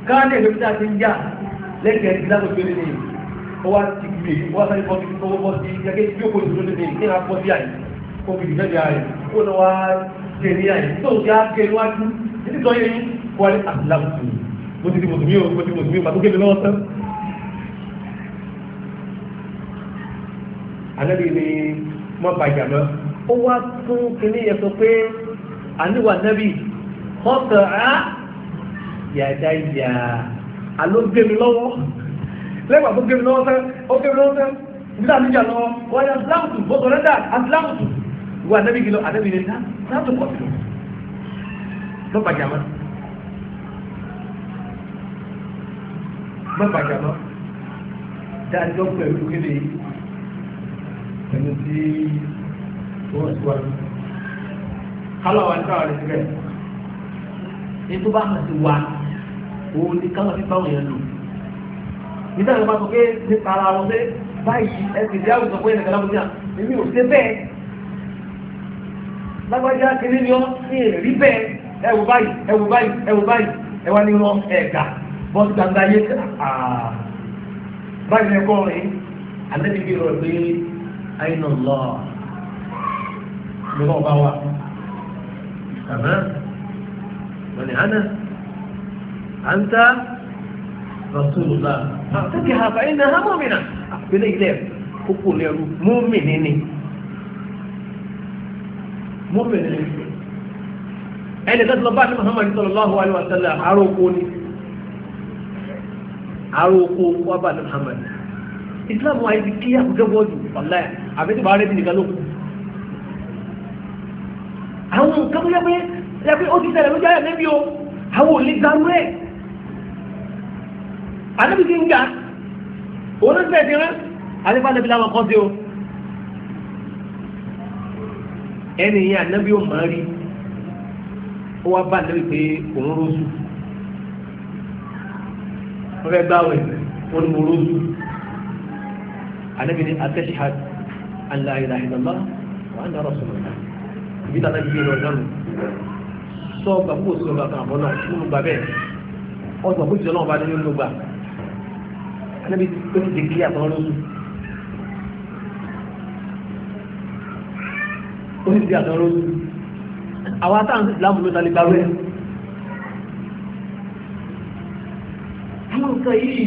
káàdì ẹ̀dọ́ títà ti ń jà lẹ́kẹ̀ẹ́ ti dáàbò tó lé ní ó wá ti gbé ó wá sáré bọ́ sí owó bọ́ sí gẹ́gẹ́ tí ó kò tó lé ní kí n bọ́ sí àyè kó fi ìfẹ́ di ti á gé níwájú mo ti di mùsùlùmí o mo ti mùsùlùmí o ànábì ni mọ́ bàjá mọ́ ó wá tún kíní yẹn sọ pé àníwà ànábì kọ́tọ̀ á yàda yà á ló gbé mi lọ́wọ́ lẹ́gbàá tó gbé mi lọ́wọ́ fẹ́ ó gbé mi lọ́wọ́ fẹ́ nígbà tó jà lọ wáyà asilamutu bọ́tọ̀ rẹ́dà asilamutu ìwà ànábì kìlọ̀ ànábì ni láti pọ̀ sí lọ́ bàjá mọ́. mọ́ bàjá mọ́ dáadọ́ pẹ̀lú kíni ẹni tí wọ́n ti wá ní. kálọ̀ wá nípa àwọn ẹ̀sìn bẹ́ẹ̀. ní tó bá hàn sí wa òun ni káwọn fi báwọn yẹn lò. nígbà tó bá sọ pé nípa ara wọn pé báyìí ẹsìn ìdí àwùjọ pé ẹnìkan lábújá èmi ò ṣe bẹ́ẹ̀. lágbájá kiri ni ọ́ ní èrè bẹ́ẹ̀ ẹ wò báyìí ẹ wò báyìí ẹ wò báyìí ẹ wá ní wọn ẹ̀ka bọ́ọ̀sì gbangba yé báyìí ni ẹ kọ́ ọ̀rìn àyínà lọ lọ́wọ́ bá wà àmọ́ wọ́n ní àná àǹtá rasulullah àtàkì àbá iná hámọ́mìnà àpẹẹrẹ ilẹ̀ kókó lẹ́rú mọ́mìnì ni mọ́mìnì ni ẹni tó ti lọ bá ní muhammadu sallallahu alayhi wa sallam aróko ni aróko wà bá ní muhammadu islam wa ibi kíyà gbẹ́gbọ́dù ọ̀láyà àbí tí bàárẹ̀ ti nìkan ló kù. àwọn nǹkan tó yẹ pé yẹ pé ó ti ṣẹlẹ̀ lójú ayọ̀ níbi o àwọn ò lè darú ẹ̀. àdébí ti ń gà òun ń tẹ̀sí rán àdébá lẹ́bi láwọn kan sí o. ẹni yẹn ànábì ò máa rí ó wá bá lórí pé òun rọ́ọ̀sù wọ́n fẹ́ gbáwẹ̀ wọ́n ní mo rọ́ọ̀sù ànábì ní atẹ́sí hàdù an la ilaha illallah wa anna rasulullah ibi tata yìí lọ nánu sọ gba kó sọ gba kan àbọ̀ náà nínú gba bẹ́ẹ̀ ọgbà kó sọ náà bá nínú ló gbà níbi tó ti di kílíà kan lóṣù ó ti di àtàn lóṣù àwa táà ń láàmú ló dalẹ̀ gbàwé àwọn nǹkan yìí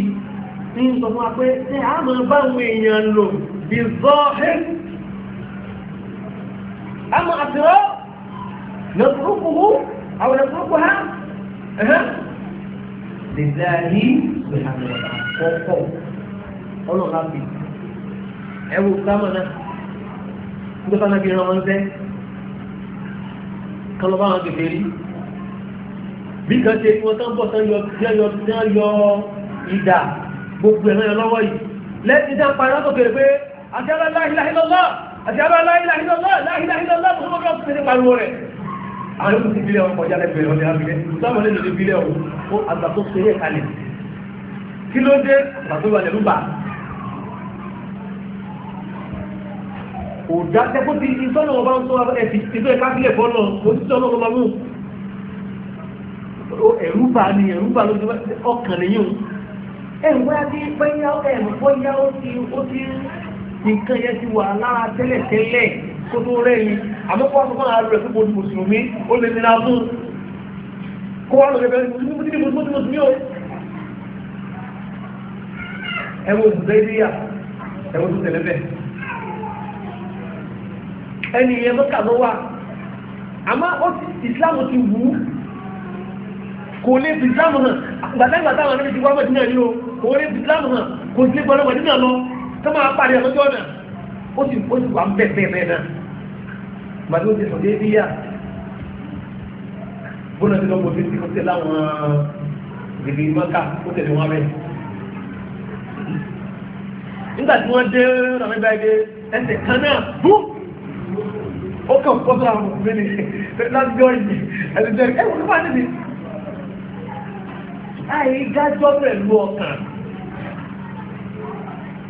ní sọ fún wa pé ṣé àmọ́ báwọn èèyàn lò. بالظاهر أما أسرار نتركه أو نتركها أه. لله سبحانه وتعالى فوق ọlọ́run la bì ẹ wo sámà náà nígbà táwọn ẹbí rán wọn sẹ́ kán lọ bá wọn kẹfẹ́ rí bí kan ṣe wọn tán bọ̀ tán yọ yọ yọ ìdá gbogbo ẹ̀ náà lọ́wọ́ yìí lẹ́yìn tí wọ́n parí wọn kéré pé àṣẹ́rọ láìláìlọ́lá àṣẹ́rọ láìláìlọ́lá láìláìlọ́lá mọ̀ lọ́wọ́ fi ní pariwo rẹ̀ àwọn yóò ti bílẹ̀ ọkọ̀ jálẹ̀ bẹ̀rẹ̀ ọ̀dẹ̀ abílẹ̀ sáwọn lè lè bílẹ̀ ọ̀hún ó àgbà tó ṣe é kalẹ̀ kí ló dé àgbàtúwà lẹ́rú bà kò dá tẹ́kọ́ ti ìtọ́nà ọba ń sọ ẹ̀sì ìtọ́ ẹ̀ká bílẹ̀ fọ́nà kò sí tọ́nà ọba mú ẹ̀rú bà ni ẹ̀rú bà ló ti ọkàn nìyí o ẹ̀ ń wáyà tí pẹ́yà ó ti nǹkan yẹn ti wà lára tẹ́lẹ̀tẹ́lẹ̀ kó tó rẹ̀ ni àmọ́kọ́ àtúntò náà rẹ̀ fún o mùsùlùmí ó lè nira fún kó wà lóore bẹ́ẹ̀ ní mùsùlùmí o. ẹ wo òbúdá ilé yà ẹ wo tó tẹ̀lé bẹ́ẹ̀. ẹnì yẹn mọ́kà ló wà àmọ́ ó ti ìsìláàmù ti wù ú kò lè fi ìsìláàmù hàn gbàdágbàdá àwọn ẹni tí tó máa pàdé lọ́jọ́ náà ó sì ó sì wà ń bẹ̀ẹ̀ bẹ́ẹ̀ náà màdé ó ti sọ dé bíyà bóná ti lọ́gbọ̀n tó ti kó tẹ láwọn gbèbè mọ́kà ó tẹ̀lé wọn bẹ́ẹ̀. nígbà tí wọ́n dé ràmẹ́ báyìí dé ẹsẹ̀ kan náà bú ó kàn kó sọ àwọn òkú mi láti jọ yìí ẹ̀sìn jẹ́ ẹ̀ wọ́n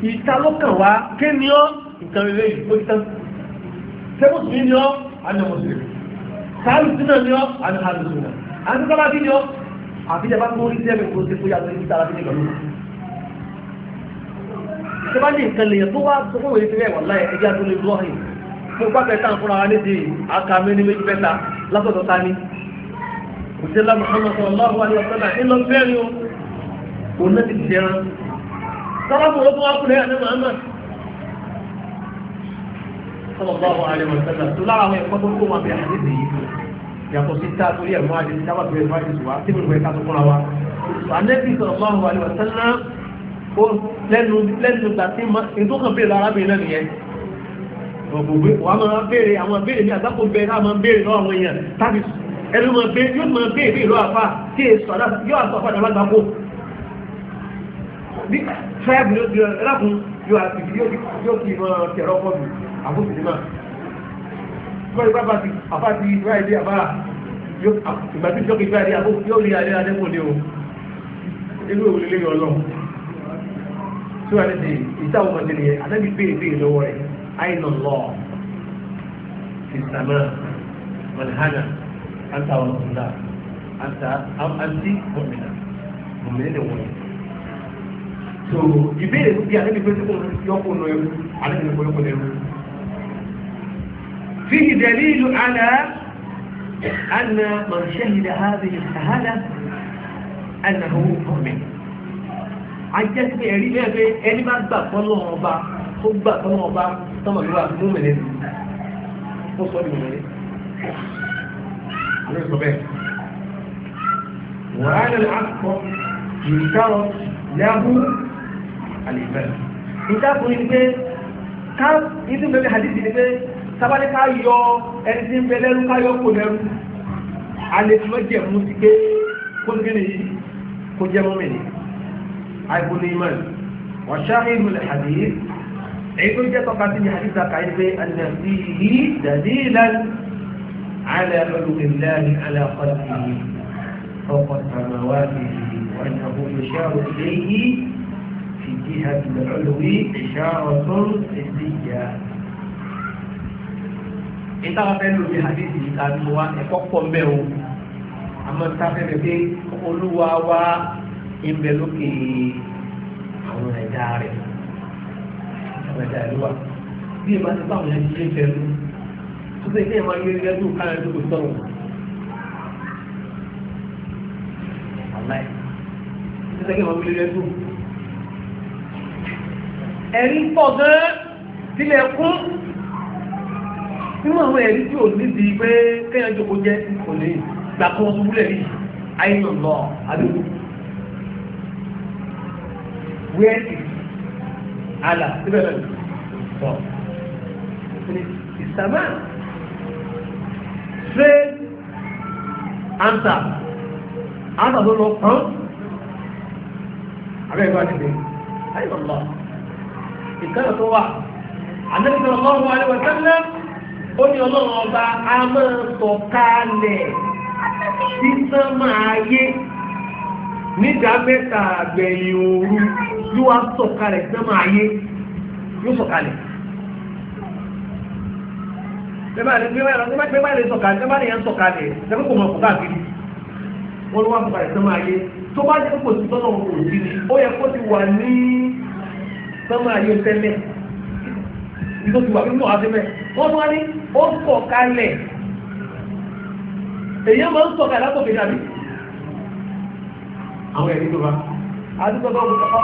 ìta ló kàn wá kí ni ọ́ nǹkan rere ìgbóni tán ṣé mùsùlùmí ni ọ́ àná mùsùlùmí sáàlù sínú ni ọ́ àná sáàlù sínú àti sábà kí ni ọ́ àbíjẹ́ bá tó rí sẹ́mi kó ṣe fóyà tó ní sára sí ìgbàlú ṣé bá ní nǹkan lè tó wá tó fún òye sílẹ̀ wa níbi àkàmé ní méjì fẹ́ta sọ́wọ́ tó wọ́n wá kúlẹ̀ àdébà àmà. Sallallahu alaihi wasallam tó lára àwọn ẹ̀kọ́ tó kó wọn bí àdébà yìí yàtọ̀ sí tá a torí ẹ̀mọ́ adé ní sábà bẹ̀rẹ̀ fáwọn ìṣòwò àti ìbùdó ẹ̀ka tó kúnra wa. Ànẹ́bí sallallahu alaihi wasallam ó lẹ́nu lẹ́nu gbà sí ma ètò kan béèrè arábìnrin náà nìyẹn. Ọ̀gbọ̀gbẹ́ wa máa béèrè àwọn béèrè ní àgbákò bẹ́ẹ̀ náà máa béèrè lọ́wọ́ àwọn èèyàn tábìsì ẹnu máa béèrè bí tribe ló di ẹlẹ́kùn yóò àti yóò kì í mọ kẹrọ ọkọ mi àbó sinimá báyìí bá bàtí àbátí friday àbá ìgbà tí ìjọba ìgbà àbó yóò rí alẹ́ alẹ́ wọlé o inú òwúlé lè yọ lọ tí wọ́n ti ìta ọmọ ni nìyẹn anábì bèè bèè lọ́wọ́ rẹ̀ àìnà lọ ìsàmà mọ̀nìhánà àǹtà ọ̀nà àǹtà àǹtí mọ̀mìnà mọ̀mìnà lè wọ̀nyẹn so ìbéèrè tó bí àdébí pé sípò yọkùn nù ẹrú àdébí ní kọyọkùn ẹrú. fi ìdẹ̀lí ìlú àná àná màṣẹ́ ìdá ààbí ìsàhálà àná owó ọ̀mẹ́. ajẹ́ sí ẹ̀rí bẹ́ẹ̀ pé ẹni bá gbà fọ́nà ọba tó gbà fọ́nà ọba sọ́mọ̀ ló wà mú mẹ́lẹ́ nù. ó sọ ní mẹ́lẹ́. àlọ́ sọ bẹ́ẹ̀. wàhálà àkọ́ ìtàn yahoo àlèfẹ́ ìjákùn ni pé ká ìdí mẹ́rin àdìsí ni pé sábàdé ká yọ ẹni tí ń bẹ lẹ́rú ká yọ kó lẹ́rú àlejò mẹ́jẹ̀ mú sí pé kó ní kíni yìí kó jẹ́ mọ́mì ni àìkú ní imọ̀ wọ́n ṣááyé ìmọ̀lẹ̀ àdìyí èyí tó jẹ́ tọ́ka sí ní àdìsá ká yí pé àdìsí yìí dàdí ìlànà àlẹ́ olùkọ́ ìlànà àlẹ́ ọ̀pọ̀ ọ̀pọ̀ sàmàwá في جهة العلو إشارة حسية ìta fẹ́ lóbi àdéhùn ìta ni wa ẹ̀kọ́ pọ̀ mbẹ́ o àmọ́ ìta fẹ́ lè pé olúwa wa ń bẹ lókè àwọn ẹ̀dá rẹ̀ àwọn ẹ̀dá rẹ̀ wà bí ẹ bá ti báwọn yẹn ṣe ń fẹ́ ẹ̀rí pọ̀ gan-an sílẹ̀ kún nínú àwọn ẹ̀rí tí ò níbi pé kéèyàn jókòó jẹ́ kò lè gbà kó wọn súnmúlẹ̀ yìí àìyàn lọ àdúgbò wíẹ́sì àlà síbẹ̀ bẹ̀rẹ̀ sọ ìsàmà ṣe àǹtà àǹtà tó lọ kàn án abẹ́rẹ́ bá ti àìyàn lọ ìkànnì tó wà àdébìtì ọlọ́run alẹ́ wẹ̀tẹ́lẹ́ ó ní ọlọ́run ọba a máa sọ kálẹ̀ sísán máa yé nígbà mẹ́ta àgbẹ̀yìn òru yóò wá sọ kalẹ̀ sísán máa yé yóò sọ kalẹ̀ bẹ́ẹ̀ bá lè sọ kalẹ̀ bẹ́ẹ̀ bá lè yẹn sọ kalẹ̀ lẹ́gbẹ́ kò mọ̀ kó káàkiri wọ́n ló wá sọ kalẹ̀ sísán máa yé tó bá jẹ́ kó sí tọ́lọ̀ òun kò ni ó yẹ kó ti wà ní. sọ́mọ́ ayé tẹ́lẹ̀ ìjọ ti wà nínú àfẹ́fẹ́ wọ́n wá ní ó sọ̀ kalẹ̀ èyí ń dàbí àwọn tó bá àdúgbò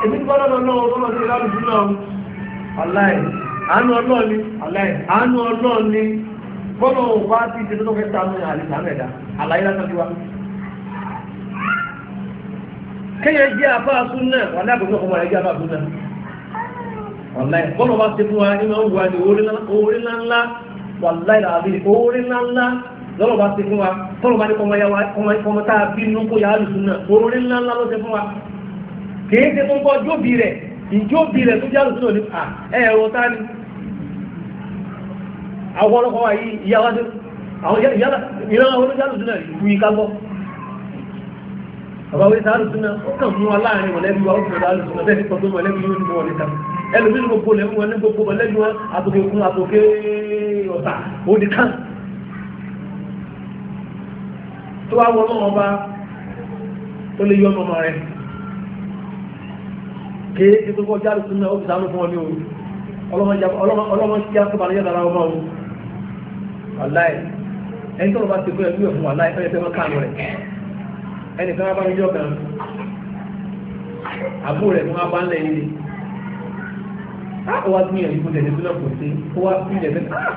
èmi lọ́nà náà wọ́n sí náà aláì àánú ọlọ́ọ̀ ni aláì àánú ọlọ́ọ̀ ni bọ́lá òun bá ti ṣe fẹ́ wàláì bọ́lọ̀ bá ti fún wa ní máa ń wà ní orí ńláńlá wàláì làbí orí ńláńlá lọ́lọ́ bá ti fún wa tọ́lọ́ bá ní kọ́mọ yá wa kọ́mọ tá a bí inú kó yá lùsùn náà orí ńláńlá ló ti fún wa kìí ṣe tó ń kọ́ jóbi rẹ̀ ìjóbi rẹ̀ tó já lùsùn ní à ẹ̀rọ tá ni àwọn ọlọ́kọ̀ wa yìí ìyá na wíṣà alùsùn náà ó kàn mú wa láàrin mọ̀lẹ́bí wa ó fi ọ̀dà alùsùn bẹ́ẹ̀ ní pọ̀tó mọ̀lẹ́bí yóò ní mọ̀lẹ́ kan ẹlòmí ní gbogbo lẹ́mú wọn ní gbogbo mọ̀lẹ́bí wọn àtòkè àtòkè ọ̀tà òdì kan tó wá ọba tó lè yọ ọmọ rẹ̀ kéèké tó kọjá alùsùn náà ó fi sàánú fún ọ ní òru ọlọ́mọ sí akọ́bà níyà dára ọmọ òru aláì ẹni tó lọ bá ti kọ́ ẹnì kan bá ń jọ kan àbúrò rẹ̀ fún abá ńlẹ̀ yìí ó wá gbìyànjú kó tẹ̀lé sílẹ̀ kò sí ó wá gbìyànjú ah!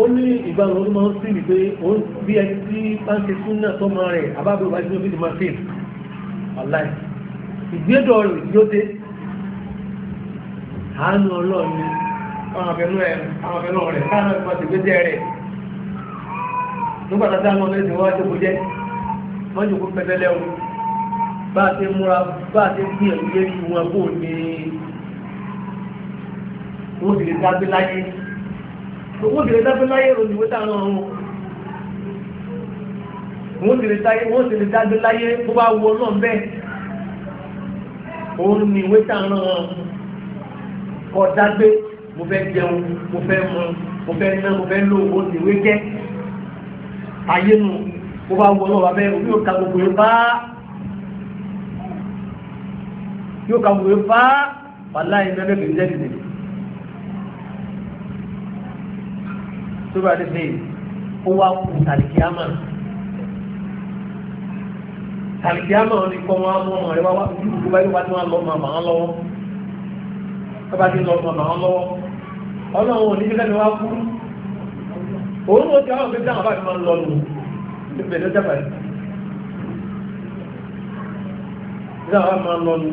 ó ní ìgbà wo ló máa ń sí ni pé ó bí ẹni tí bá ń ṣe sún náà tó máa rẹ̀ àbábọ̀ wájú ló fi ti máa fi ọ̀láì ìgbédọ̀ rẹ̀ yóò dé àánú ọlọ́run ni àwọn afẹnú rẹ̀ àwọn afẹnú rẹ̀ káwọn ẹ̀fọ́ ti rẹ̀ nígbà tá a dá wọn lẹ́sìn wọ́n á ṣe kó jẹ́ mọ́jòkó pẹ́tẹ́lẹ́ o bá a ti múra bá a ti gbìyànjú lérí wọn kó o ní o sì lè dábí láyé o sì lè dábí láyé olùwé tá a rán ọrùn wọ́n sì lè táyé wọ́n sì lè dábí láyé bó bá wọ náà bẹ́ẹ̀ òun ni ìwé tá a rán ọrùn kọ́ dágbé mo fẹ́ jẹun mo fẹ́ mu mo fẹ́ ná mo fẹ́ lo owó ìwé jẹ́ ayé nu ó bá ń wọ lọ́wọ́ abẹ́ òbí yóò ka gbogbo yóò bá yóò ka gbogbo yóò bá wàhálà yìí mẹ́fẹ́ kì í jẹ́ dìde. tó bá dé sèé ó wá kú tàlìkíámà tàlìkíámà wọn ni kọ́ wọn mú ọmọ rẹ wá wá ojú gbogbo báyìí wá tí wọn lọ ọmọ àmà lọ́wọ́ tó bá dé lọ ọmọ àmà lọ́wọ́ ọlọ́run ò ní bí kẹ́mi wá kú òun ló ti àwọn òbí dáhùn bá fi máa ń lọ nù. níbẹ̀ ló jábàá yìí ní àwọn máa lọ nu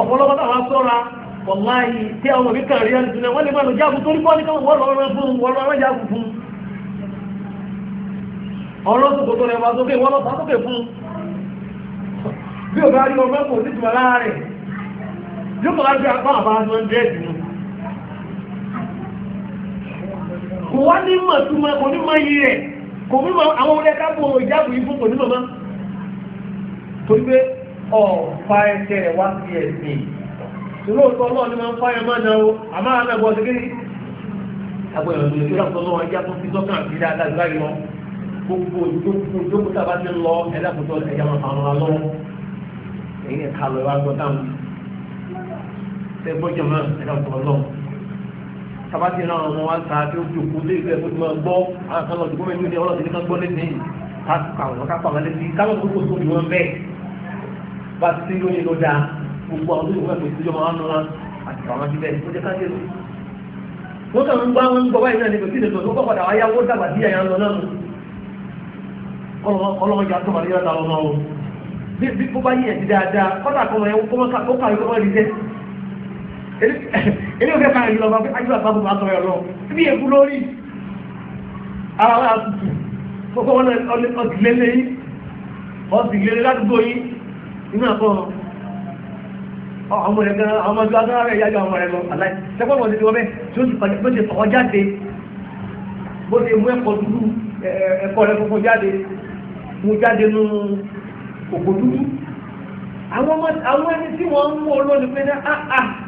ọ̀pọ̀lọpọ̀ náà wá sọ́ra tí àwọn òbí kan rí ẹni wọ́n lè lọ jáàbù torí káwọn wọ́n fún un wọ́n jáàbù fún un ọ̀rọ̀ tó sókè wọ́n sókè fún un bí bá rí ọmọ ẹ̀kọ́ yóò kọ́ láti apá mu. kò wá ní mọ̀ tó mọ kò ní mọ iye rẹ̀ kò ní mọ àwọn ọmọdé ká bọ̀ ìjáàbù yìí fún kò ní mọ̀ mọ́. torí pé ọ̀fà ẹsẹ̀ rẹ̀ wá sí ẹ̀sìn ìlóòótọ́ náà ni máa ń fáyọ̀ máa náwó àmọ́ àwọn ẹgbẹ́ ọ̀sẹ̀ kéde. àgbẹ̀rẹ̀ òṣèlú tó lọ́kọ̀ọ́ náà wájú àtúntí sọ́kàn àti dáadáa láyé wọn gbogbo ìjókòó ìjókòó sábà ti ń lọ ẹ̀dá kòtò ẹ̀yà máa fàrọ̀ wa lọ́wọ́ èyí ni kálọ̀ ẹ̀ wá gbọ́ táwọn ṣẹ́gbọ́jọ́ náà ẹ̀dá kòtò ọlọ́run sabati náà wọn wá ta tí ó jòkó lé ìgbẹ́ tó máa gbọ́ àwọn kan lọ sí gómìnà ìdílé ọlọ́sìn nìkan gbọ́ lẹ́sìn yìí ká ká pàmò lẹ́sìn yìí káwọn bẹ́ẹ̀ bá ti ló dáa gbogbo àwọn tó yẹ kó ìjọba wọn àti kàwọn ti wọ́n kàn ń gbọ́ báyìí náà ní tó ilé òfin kan ìlọba ajúwà sábà máa tọrọ ẹ̀rọ bí èkú lórí ara wọn àtútù kókó wọn ọ̀sìnlélẹ̀ yìí ọ̀sìnlélẹ̀ ládùúgbò yìí inú àpọ̀ ọmọ rẹ̀ gan ọmọ ìjọ agbára rẹ̀ yájọ ọmọ rẹ̀ lọ aláì sẹ́kọ̀ọ́ mọ̀ títí wọ́n bẹ́ẹ̀ tí ó sì tọ̀kọ́ jáde bó ṣe mú ẹ̀kọ́ dúdú ẹ̀kọ́ rẹ̀ fọ́fọ́ jáde mú jáde nú òkò dúdú àwọn ẹni tí wọ́n ń mú olóòlù pé ní áà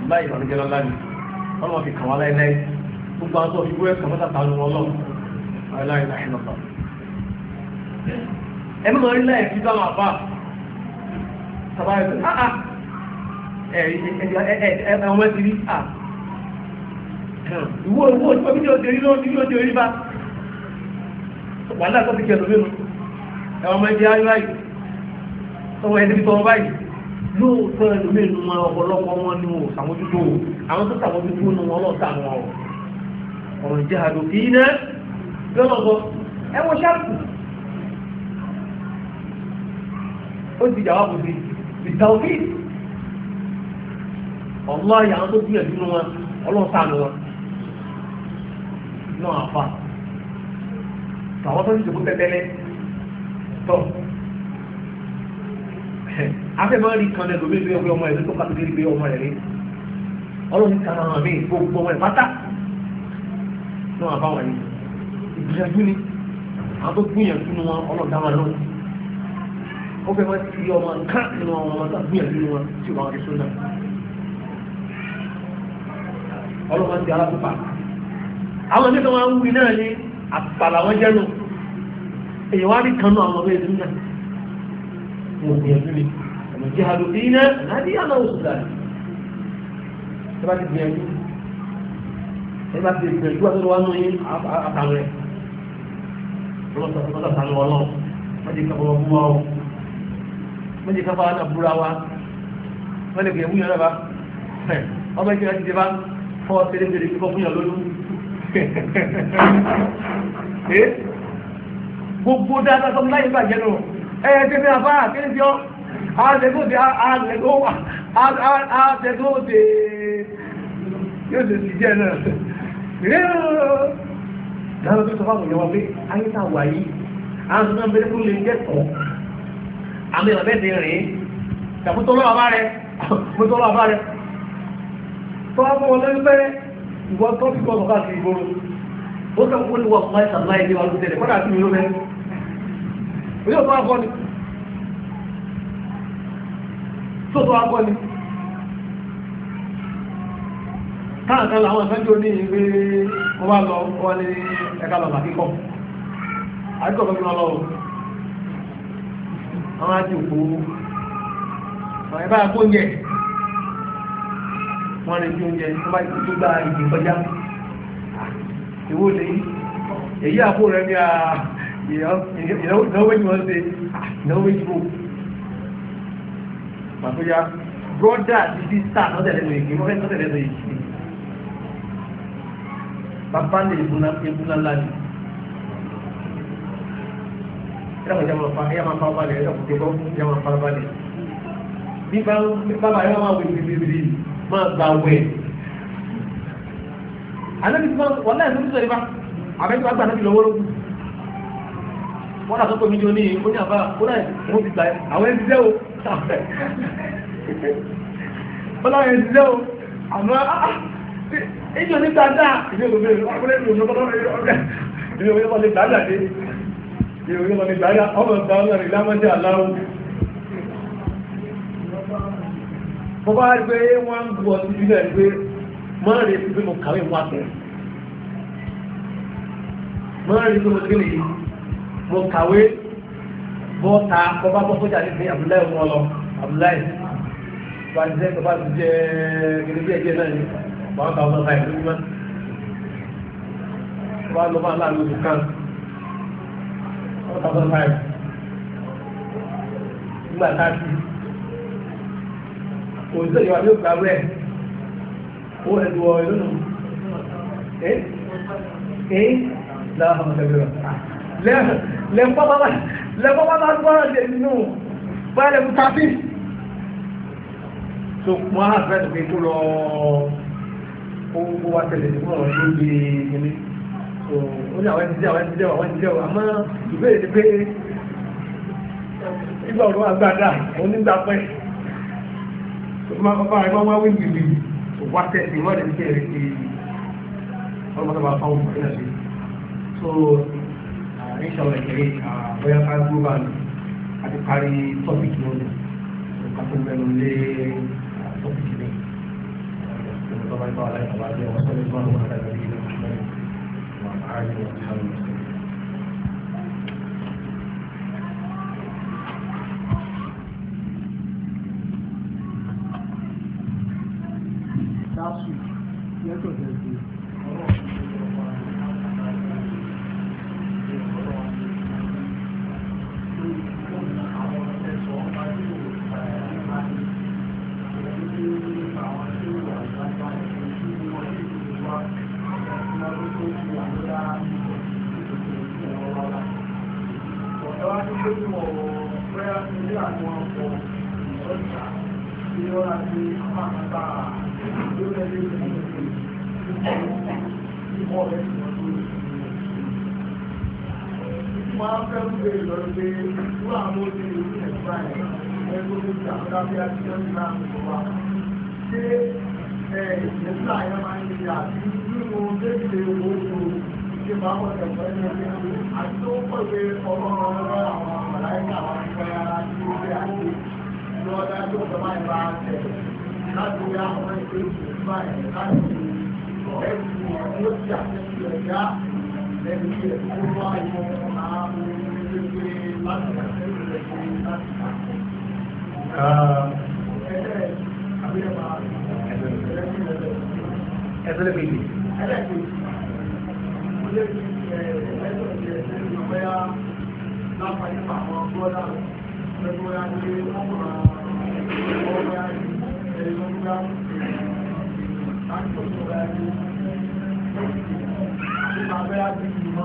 àbá ìrọ̀lẹ́jẹ́ lọ́la ni ọlọ́wọ́ fi kàn wá láéláé gbogbo àwọn tó fi wúwẹ́ kàn mọ́tà tààlù wọn lọ́wọ́ láéláé láì lọ́pàá. ẹnu mọ̀ nílẹ̀ ẹ̀fí bá wà bá sábà ẹ̀fí áá ẹ̀wọ̀n ẹ̀ ti rí Ha? Ah. ìwọ ìwọ ìwọ bí yóò dérí lọ́wọ́ bí yóò dérí bá wàhálà tó ti kẹ̀ lómi nu ẹ̀wọ̀n ẹ̀ ti ẹ̀ ti fi tọwọ́ báyìí lóòótọ́ ẹlòmínú wọn ọ̀pọ̀lọpọ̀ wọn ni wọn ò sàmójútó o àwọn tó sàmójútó nu wọn lọ́ọ̀tà wọn o ọ̀rọ̀ ìjà àdó kì í ná lọ́lọ́gbọ́ ẹ wọ ṣáàpù ó ti yàwá kò sí ìtàwọ́kì ọ̀la ìyàwó tó gbìyànjú nu wọn ọlọ́ọ̀tà nu wọn náà àfa tàwọn tó ń jòkó tẹ́tẹ́lẹ́ tọ́ afẹ́mọ́ rí kan lẹ́nu omi ìgbé ọmọ ẹ̀ ló tọ́ka tó dérí ọmọ ẹ̀ rí ọlọ́run kan hàn mí gbogbo ọmọ ẹ̀ pátá náà àbá wà yìí ìgbìyànjú ni àwọn tó gbìyànjú ni wọn ọlọ́run dá wà lọ́wọ́ ó fẹ́ wọ́n ti ọmọ kan nínú àwọn ọmọ tó gbìyànjú ni wọn tí wọ́n ti sún náà ọlọ́run ti alákòópa àwọn nígbà wọn wí náà ní àpàlà wọn jẹ́nu èèyàn wá rí kan náà àwọn ọmọ ẹ̀ wọn gbìyànjú ni ọmọ jihadu bíi iná láti yàrá oṣù dàní ẹ bá ti gbìyànjú ẹ bá ti gbìyànjú àtọ́jú wa nù yín àtàwọn ẹ lọ́sọ̀tọ̀ sanu ọlọ́ wọ́n ti kàfọ́ ọmọ wa o wọ́n ti kàfọ́ àwọn àbúrò wa wọ́n lè gbìyànjú yàrá bá ọmọ ìṣẹ́ láti dé fọ́ tẹ́lẹ̀tẹ́lẹ̀ kíkọ́ fún yàrá lóyún eh? gbogbo dáadáa tó ń láyé bàjẹ́ náà ẹ̀yẹ tí mi àfá àkéjì ọ́ àtẹ̀góde àtẹ̀gówà àtẹ̀góde yóò sì sì jẹ́ náà rírò dáhùn tó sọ fáwọn ìyàwó pé ayé tá a wà yìí àwọn sọ pé kó lè jẹ́kọ̀ọ́ àmì ọ̀bẹ́dẹ̀ rìn ṣàkóso lọ́wọ́ bá rẹ̀ mọ́tò lọ́wọ́ bá rẹ̀ tó wá fún wọn lórí pẹ́rẹ́ ìwọ́n tó fi kọ́ ọ̀gá kiri gbòòrò ó sọ fún wọn ní wọ́n fún ẹ̀ sàláì ní wọn ló kọ́dà sí mi ló mẹ́rin ilé òtún akọ ni tó akọ ni káàkan làwọn ìfẹ́jú ní ìwé wọ́n bá lọ wọ́n ní ẹ̀ka lọ́ba kíkọ́ àdúgbò fẹ́ fi wọn àwọn àti òkú àwọn ẹ̀bá àgbóúnjẹ wọ́n lè fi oúnjẹ tó bá tó gba ìgbìkọjá ìwó lè èyí àpò rẹ̀ ní àà. You know, you know, know when you want to say, know when you go. Màtúyà, brọ́dà ti sísá lọ́tẹ̀ lẹ́nu èké, wọ́n fẹ́ lọ́tẹ̀ lẹ́nu èké. Bàbá lè ebúná ebúná láti. Ẹ̀rọ ìjà máa fa ẹ̀yà máa fa balẹ̀ ẹ̀rọ ìjà bọ́ ìjà máa fa balẹ̀. Bí bàbá yẹn máa wẹ̀ bìbìbìbì máa gbà wẹ̀. Àná bí wọ́n láì fún sọ̀rọ̀ ibà, àbẹ́jọ́ àgbà náà ti lọ wọ́rọ́ kù wọ́n náà tó pé mi ní oníyìn ó ní àbá ó náà wọ́n ti gbà àwọn ẹni ṣiṣẹ́ o wọ́n náà ẹni ṣiṣẹ́ o àmọ́ ìjọ ní dáadáa ìdí òwe ọkùnrin ìlú ọjọ́ bọ́lá ọ̀rẹ́ ìdí òwe ọmọ ní dáadáa dé ìdí òwe ọmọ ní dáadáa ọmọ ìgbà ọmọ ní lámọ́dé aláwọ̀ mo kàwé bọ́ta bọ́bá bọ́ sójà ní pé Abdullahi wọn lọ Abdullahi wàá jẹ́ bàbá ti jẹ́ gẹ́gẹ́ bí ẹ̀jẹ̀ náà ní one thousand five lójúmọ́ wàá lọ máa láàrin oṣù kan one thousand five nígbà tá a ti òṣìṣẹ́ ìwà yóò gbà wẹ̀ ó ẹ̀dùn ọ̀rẹ́ lónìí ẹ̀ ẹ̀ láwọn ọmọ tẹ̀lé rẹ̀ lẹ́kọ́ bá bá gbọ́rọ̀ lè nínú báyẹ̀ mú tàbí tó wọ́n á fẹ́ pé kó lọ owó wa tẹ̀lé ní ọ̀rọ̀ tó gbé ẹni ó ní àwọn ẹni jẹ́ àwọn ẹni jẹ́ àwọn ẹni jẹ́ àmọ́ ìbéèrè ni pé ìgbà ọ̀rọ̀ àgbàdà onígbà pẹ́ máa bá ẹgbẹ́ wá wí gbìgbì wá tẹ̀sí wọ́n lè ṣe èrè kí ọlọ́mọdé máa fáwọn ọmọ náà ṣe ìṣọ̀rọ̀ ìkẹrẹ bóyá ká gbóbá nù àti parí tọ́pìkì lónìí ká tó mẹ́nu lé tọ́pìkì lónìí. وطبعا الله عليه وعلى وصلى الله على نبينا محمد وعلى اله وصحبه وسلم Last week, the other day, lọ pé irú àwọn obìnrin ìlú ẹ̀fà ẹ̀ ẹgbẹ́ tó ti àwọn abẹ́rẹ́ tí wọ́n ti ń sọ ṣé ẹ̀ ìjẹ́sílà yẹn máa ń ṣe àti nínú léṣe owó ṣe máa wọ̀ ẹ̀fọ́ ẹ̀fọ́ ẹ̀fọ́ àti tó pọ̀ pé ọ̀rọ̀ ọ̀rọ̀ àwọn mọ̀láyíkà wọn ti ara tí ó fẹ́ àti lọ́dá tó ń bá a tẹ̀ láti wí àwọn ẹgbẹ́ ìjọba ẹ̀ láti ọ̀rẹ́ ìgbìmọ̀ tó ti àtẹ̀síọ̀ já lẹ́nu ilẹ̀ tó wá ìmọ̀ ẹsẹ̀ méjì. láǹfààní àwọn bọ́dà ẹgbẹ́ ọ̀yá ní ọkùnrin ọ̀gá ẹ̀yọ́gbá láti ọ̀gá ẹ̀yọ́gbá àti bàbá ẹ̀yọ́gbá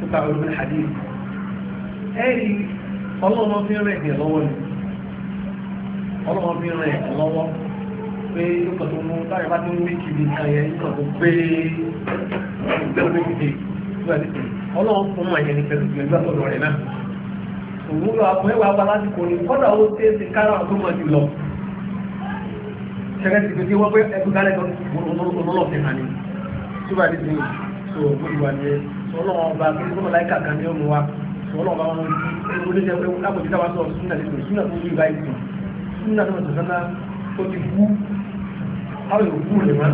nípa olùmọ àdé ẹ̀rí ọlọ́mọ fi rẹ̀ ẹ̀jẹ̀ lọ́wọ́ ni ọlọ́mọ fi rẹ̀ ẹ̀jẹ̀ lọ́wọ́ pé nípa tó mú táyà bá ti ń rí kiri nǹkan nípa tó pé ìgbẹ́ omi kìdè ọlọ́mọ fún ọmọ yẹn ní pẹ̀lú rẹ̀ náà ẹwà apá lásìkò n'i kọ́dà ó kára mọ̀ jù lọ wọ́n pé ẹgbẹ́ ọlọ́run ọba kí ló láìka kan ní ọmọ wa ọlọ́run ọba wọn ó lé jẹ́ pé lápòjú táwa sọ súnà lè sọ súnà tó yí ibà ìtàn súnà tó sọ sọ́nà ó ti kú àwọn yóò kú rẹ̀ mọ́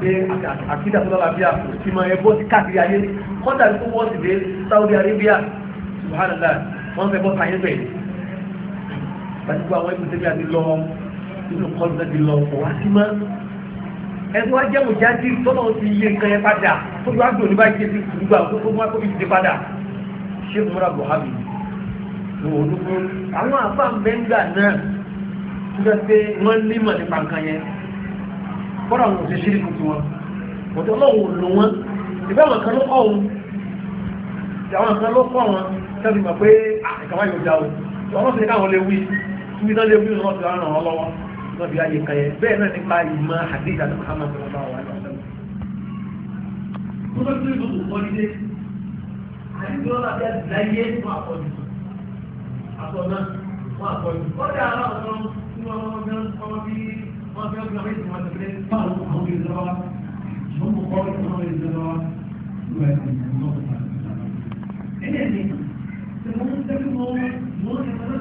pé àkídà tó lọ́la bíà kò sí mọ́ ẹbọ́ sí káàkiri ayé kọ́dà tó wọ́n sì dé Saudi Arabia subhanallah wọ́n fẹ́ bọ́ sáyẹ́ bẹ́ẹ̀ pàtàkì àwọn ẹgbẹ́ tẹ́lẹ̀ àti lọ inú kọ́ńtà ti lọ ẹ̀sùn wa jẹ́ mùjáde tọ́lọ́ ti yé nǹkan yẹn padà tó gba gbòòrò ní báyìí kéde gbogbo àwọn tó máa kóbi ti padà ṣé múra buhari wò ó dúró àwọn àfa mẹ́ngà náà nígbà pé wọ́n ní mọ̀ nípa nǹkan yẹn fọ́nà àwọn òṣìṣẹ́ ìlú tiwọn wọ́n tó lọ́wọ́ lò wọ́n ìfẹ́ àwọn kan ló kọ́ wọn àwọn kan ló kọ́ wọn tẹ́lẹ̀ mọ̀ pé àkàwá ah, yóò dá o ọlọ́sìn káwọn lè wí wí náà lè wí ọlọ́sìn wọn fi ayé kan yẹn bẹ́ẹ̀ náà nípa ìmọ̀ hadith àti Muhammad sọlá wà lọ. mo bá tún ìlú kò kọ́ni dé àyíkú ọ̀la bí adìlá yé fún àkọ́jú àtọ̀nà fún àkọ́jú. ó dà á láwọn ọ̀sán tí wọ́n fẹ́ wọ́n fi wọ́n fẹ́ wọ́n fi wọ́n tẹ̀lé báwọn àwọn ìjọba wọ́n mú kọ́ ìjọba ìjọba ìwà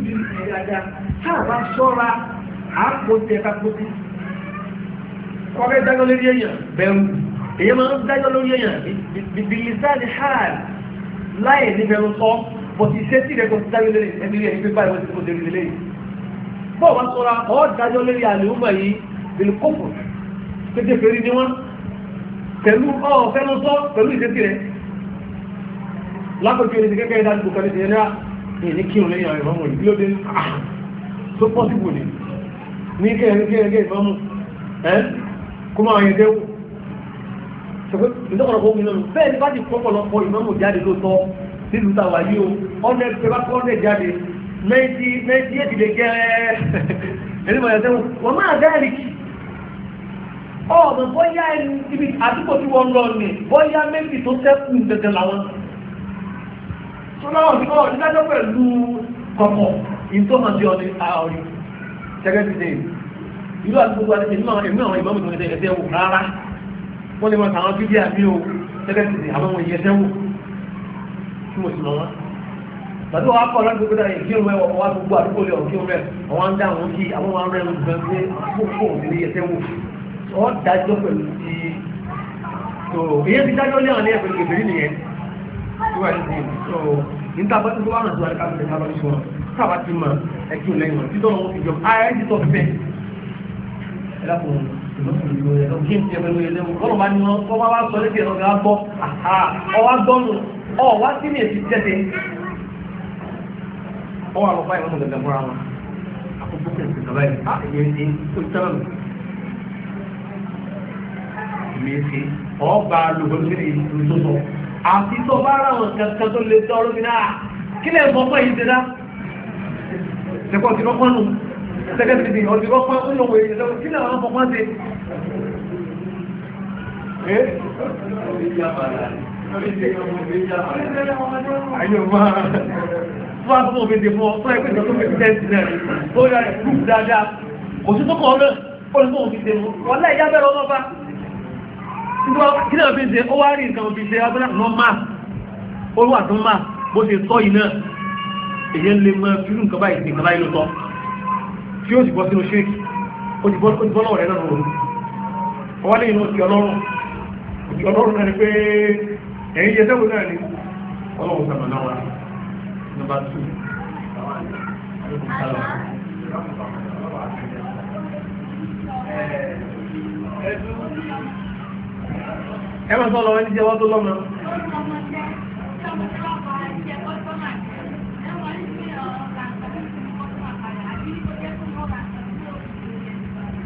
ìjọba tá a bá ṣọ́ra àpótí ẹ̀ka pótí kọ́kẹ́ dájọ́ lórí èèyàn bẹ̀rù èyí máa ń dájọ́ lórí èèyàn bìbìlìsá ni hàn láì ní bẹ̀rù sọ bọ̀tí iṣẹ́ tí ìrẹ́kọ̀ ti dájọ́ lórí ẹni rí ẹni pé báyìí wọ́n ti kó lórí lélẹ́yìn bọ́ọ̀ bá sọ́ra ọ́ dájọ́ lórí àlùmọ̀ yìí bìlì kófò pété fèrè ni wọ́n pẹ̀lú ọ̀ fẹ́nu sọ pẹ̀lú ìṣesí rẹ̀ lápẹ̀jù ẹni kẹ́kẹ́ dájú kọ́kẹ́ ní ti yẹn ní kírun lẹ́yìn àwọn ìmọ̀mọ̀ yìí ní kẹ́ẹ̀kẹ́ ìfọ́mù ẹ́ kó máa yẹ dẹ́wù ìtọ́kọ̀lọpọ̀ omi náà bẹ́ẹ̀ ni bá ti pọ́pọ̀lọpọ̀ ìmọ̀mù jáde lóòótọ́ nílùú tàwa yìí o ọ̀nà ẹgbẹ́ bá kọ́ ọ̀nà jáde mẹ́tí mẹ́tí èdìdè gẹ́ẹ́ ẹni mọ̀ ẹ̀sẹ̀ wọn máa dáàrí kì ọ̀nà bọ́yá ẹni ibi àdúgbò tí wọ́n lọ ní bọ́yá méjì tó tẹ́kù gẹ́gẹ́ làwọn sọláwọ̀n tí wọ́n ní gẹ́gẹ́ ti sẹ́yìn ìlú àdúgbò àti ìlú àwọn ìmú àwọn ìmọ̀ mìíràn ẹ̀sẹ̀ wò rárá wọ́n lè máa tàwọn bíbí àbí o gẹ́gẹ́ ti sẹ́yìn àwọn ọmọ ìyẹsẹ̀ wò tí mo sì mọ̀ wọ́n. Bàbá wa kọ́ ọ̀rọ̀ gbogbo dáhùn kí òun wá gbogbo àdúgbò lè ọ̀kí rẹ̀ àwọn ń dá àwọn kí àwọn máa ń rẹ̀ ń gbẹ pé àkókò òun ní ẹsẹ̀ wò. Ọ́ dájọ́ pẹ̀lú ti tó ìyẹn ti dájọ́ sábà ti mọ ẹkí ò lẹ́yìn wọn títọ́ wọn fi jọ ayé ti tọ́ bẹ́ẹ̀ ẹ dàpọ̀ kí n tiẹ̀ pẹ̀lú ẹlẹ́wọ̀n kọ́nà bá ní wọn kọ́ bá wá sọ létí ẹ̀rọ gà gbọ́ ọwá gbọ́nù ọwá sí ní èsì tẹ́tẹ́ ọwọ́ àlọ́ báyìí wọn gẹ̀gẹ̀ fúnra wọn àkókò kẹ̀kẹ́ kẹ̀kẹ́ báyìí mèsì ọba lògbòmìnira ìlú tó sọ àti tó bá ara wọn kankan tó lè tọrọ mi náà kí lè mọ fún èyí ti dá ṣẹ̀kọ́ ti rọ́pọ̀ nù sẹ́kẹ́tìrì ọ̀dì rọ́pọ̀ olówó èyí lọ́wọ́ kí náà wọ́n fọpọ́ ṣe. Fún àtúntò òfin dè fún ọ, fún ẹgbẹ́ ìjọba tó fi tẹ́sí náà, ó yà rúùf dáadáa, kò sí tó èyàn lè mọ fílù nǹkan báyìí nǹkan báyìí ló tọ́ tí ó sì bọ́ sínú ṣéèkì ó ti bọ́ lọ́wọ́ rẹ̀ náà lòun ọwọ́ lẹ́yìn náà ti ọlọ́run òtí ọlọ́run náà ni pé ẹ̀yìn jẹ́ sẹ́wọ̀n náà ni ọlọ́run sàmà náà wà nọ́mbà tù ẹ máa sọ lọ́wọ́ ẹni jẹ́ wọ́n tó lọ́mọ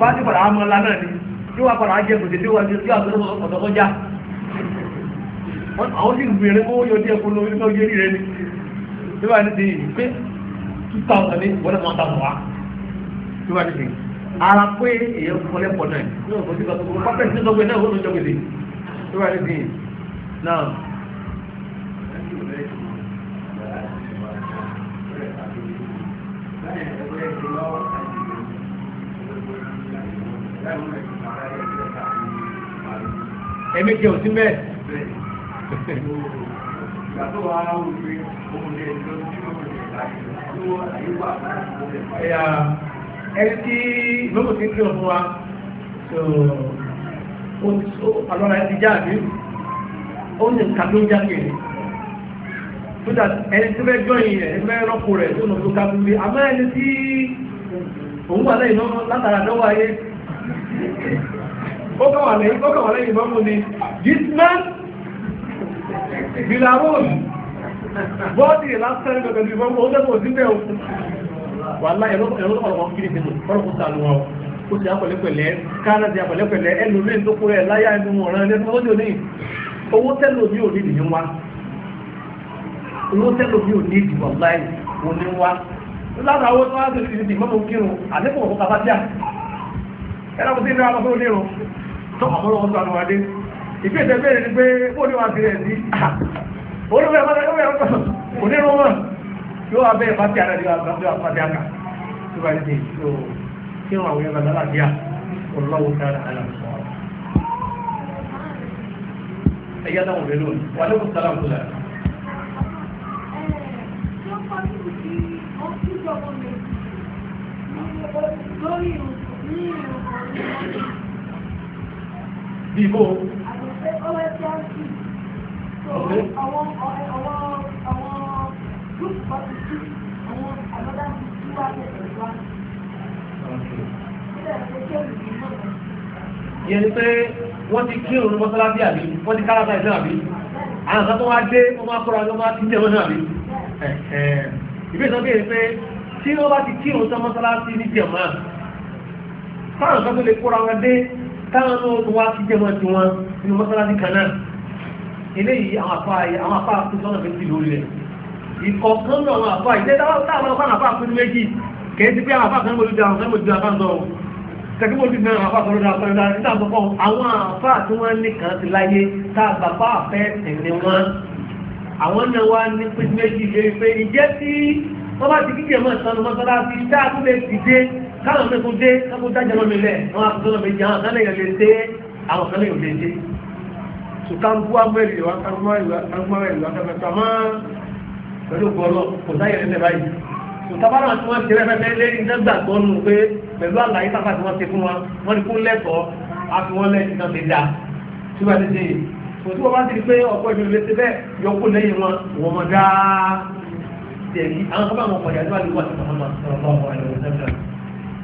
fáńtì padà àmọ́ ńlá náà ni yóò wá padà jẹ gbèsè yóò wá jẹ yóò àgbẹ̀rẹ̀ ọ̀dọ̀ àwọn sì ń gbèrè mọ́ yóò díẹ̀ fún lórí lórí rẹ ni tí wàá ní ti pé two thousand ní wọ́n náà máa ta wá tí wàá ní ti ara pé èyẹ kọ́lẹ́ pọ̀ náà ní ọ̀pọ̀ sí pàtó pápẹ́ ìṣẹ́jọ́gbẹ́ náà wọ́n ló jọ gbèsè tí wàá ní ti náà. ẹ̀mí jẹ́ òsín bẹ́ẹ̀. ẹni tí lóko ti ń kí ọ̀fun wa àlọ́ra ẹ ti já àbí ó ní nǹkan tó ń já kiri so that ẹni tí fẹ́ jọyìn rẹ̀ ẹni fẹ́ rọ́pò rẹ̀ tó nà tó ká fún mi àmọ́ ẹni tí òun wà lẹ́yìn náà látara dọ́wọ́ ayé. kọ́kànwà lẹ́yìn kọ́kànwà lẹ́yìn mọ́mú ni gitman bilarun bọ́ọ̀dì lásán ní ọ̀gẹ̀dẹ̀ ìbọn mọ́ ọ̀gẹ̀dẹ̀ òsì bẹ́ẹ̀ òkú wà láyé ẹ̀rọ́dọ̀kọ̀lọ̀kọ̀ kiri tẹ̀lé kọ́lọ̀kọ̀ sànù wa ó ti apẹ̀lẹ́pẹ̀lẹ́ kára ti apẹ̀lẹ́pẹ̀lẹ́ ẹlòmíín tó kúrẹ́ láyà ẹnu ọ̀ràn ẹni tó lóde òní owó tẹ́lò mi ò ní ìdí lára tó wá kírun ẹ̀rọ tó àmọ́rọ̀ wọn sanu wadé ìfẹ́ ìtẹ́ bẹ́ẹ̀ ni pé ó ní wà sí rẹ̀ sí olùwẹ̀ ẹ̀ máa ń bẹ̀rẹ̀ pẹ̀lú onírun mọ̀ yóò wá bẹ́ẹ̀ pàtí ara yóò wá bí bó. yẹn ni pé wọ́n ti kí òun mọ́sálásí àbí wọ́n ti kárata ìsìn àbí àwọn kan tó wá dé wọ́n máa kóra ló máa ti jẹ́ wọn àbí. ìbéèrè sọ pé tí wọ́n bá ti kí òun sọ mọ́sálásí ní jẹ̀mọ́ táwọn kan tó lè kóra wọn dé táwọn náà tó wá sí jẹ́mọ́ tí wọ́n nínú mọ́sálásí kan náà eléyìí àwọn àfa àwọn àfa tó sọ́nà méjì lórí rẹ̀ ìkọ̀ọ̀kan náà àwọn àfa ìdẹ́ táwọn àfa àfa pín méjì kẹ́ẹ́ ti pé àwọn àfa kan mọ̀ lójú àwọn kan mọ̀ lójú àfa ń sọ̀rọ̀ tẹ̀gbọ́n ojú fẹ́ràn àfa kan lójú àfa ń sọ̀rọ̀ nígbà tó kọ́ àwọn àfa tí wọ́n ní kan ti láyé tá a bàbá àfẹ́ tẹ̀lé wọn àwọn náà wá ní pín méjì lórí pé ìjẹ́ tí wọ́n bá ti kíkẹ́ mọ̀ sọ́nà mọ́sálásí tá a tún lè dìde káwọn ọmọ ètò dé káwọn ọmọ dájọ́ lọ́mọ ilẹ̀ wọn á tọ́lọ́ méjì àwọn kan lèèyàn lè dé àwọn kan lèèyàn lè dé sùkàǹkú amẹ́rì wa kàǹkú amẹ́rì wa kàǹkú àmọ́ pẹ̀lú gbọ́lọ́ kò sáyẹ̀ lẹ́sẹ̀ báyìí sùtàbára tí wọ́n ti rẹ́fẹ́ lẹ́yìn dẹ́gbàgbọ́ nù pé pẹ̀lú àlàyé sáfà tí wọ́n ti fún wa wọ́n ti kún lẹ́kọ̀ọ́ á fi wọ́n lẹ́sìn náà ti dá tí wọ́n ti dé yìí kò tí wọ́n bá ti di pé ọ̀pọ̀ ìdílé ti bẹ́ẹ̀ yọkú lẹ́yìn wọn wọ́n mọ̀ dáa tẹ̀lé àwọn kọ́ bá wọn kọjá níwájú wà sí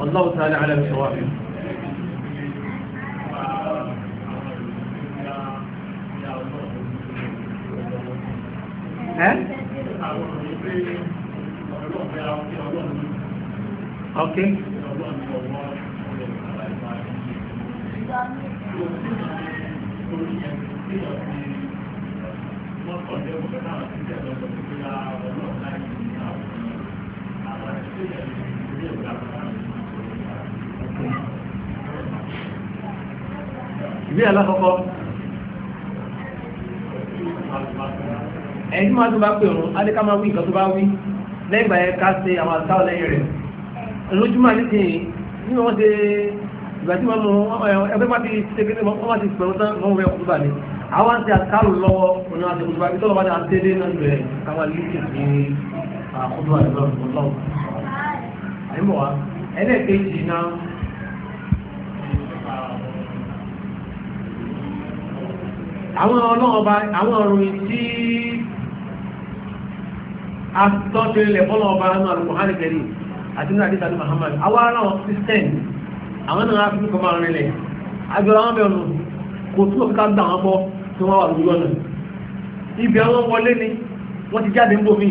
والله تعالى على بصوابه اوكي ìwé alákọ̀ọ́kọ́ ẹ̀yìn máa tó bá pè òun adéká máa wí nǹkan tó bá wí lẹ́gbàá ẹ̀ ká ṣe àwọn àtàwọn lẹ́yìn rẹ̀ lójúmọ́ àdéhìn ní wọ́n ṣe ìgbà tí wọ́n mú ẹgbẹ́ bá ti ṣe kí wọ́n bá ti pẹ̀lú tán wọ́n wẹ̀ ọ̀túbà ni àwọn àti àkàrò lọ́wọ́ ọ̀nà àti ọ̀túbà tí tọ́lọ́bà náà tẹ́lẹ̀ náà bẹ̀rẹ̀ káwọn líkì sí ọ̀túbà lọ́wọ́ àyẹ̀mọ̀ wa ẹlẹ́ẹ̀kejì náà àwọn ọlọ́ọ̀ba àwọn ọ̀rùn tí a tọ́jú ilẹ̀ fọ́lọ́ọ̀ba náà lọ́wọ́ hàn kẹrin àti nígbà tí sàdé Muhammad àwọn aráwọ̀ Christian àwọn náà á fi kọ́ máa rìnlẹ̀ agbára wọn bẹ̀rù kò tún òkúta gbà wọn bọ́ tí wọ́n wà lójú ọ̀nà ibi àwọn wọlé ni wọ́n ti jáde ń bò mí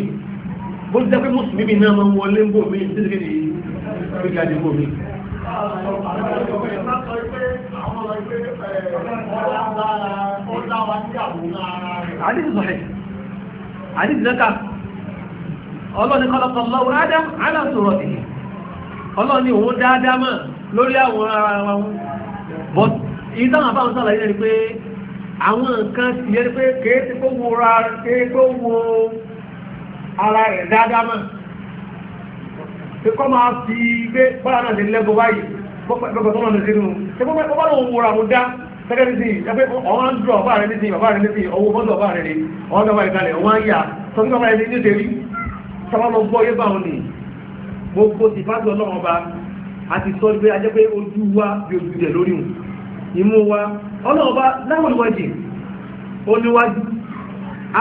bó ti jẹ́ pé mùsùlùmí náà máa ń wọlé ń bò mí títí kí nìyí wọ́n jáde ń bò mí. àdìsí sọ̀hẹ̀ àdìsí lẹ́ka ọlọ́ni kọ́lọ́kọ́ lọ́wọ́ ádám aláṣọ rọ̀ nìyí ọlọ́ni òun dáadáa mọ́ lórí àwọn ara wọn but èyí táwọn àbáwọn sàlàyé ni pé àwọn nǹkan ti yẹ pé kéèké kó wo ara rẹ̀ dáadáa mọ̀ pé kọ́ máa fi gbé bọ́lá náà lè lẹ́gbọ́ báyìí gbọ́gbọ́ tó lọ́nà sínú ṣe gbọ́gbọ́ bá lóun wòrà àwọn dá gẹ́gẹ́ bí sí ẹgbẹ́ ọ̀hún ń dúró ọba rẹ̀ nísìnyí bàbá rẹ̀ nísìnyí ọwọ́ bọ́dọ̀ ọba rẹ̀ ni ọ̀hún dọ́ba ìka rẹ̀ wọ́n á yà sọ́kí bàbá rẹ̀ ní nítorí sọ́kọ́ lọ gbọ́ yé báwọn ni gbogbo tìfásì ọlọ́run ọba àti sọ pé ajẹ́ pé ojú wa bí ojú jẹ lórí wọn ìmú wa ọlọ́run bá láwọn olùwájì olùwájú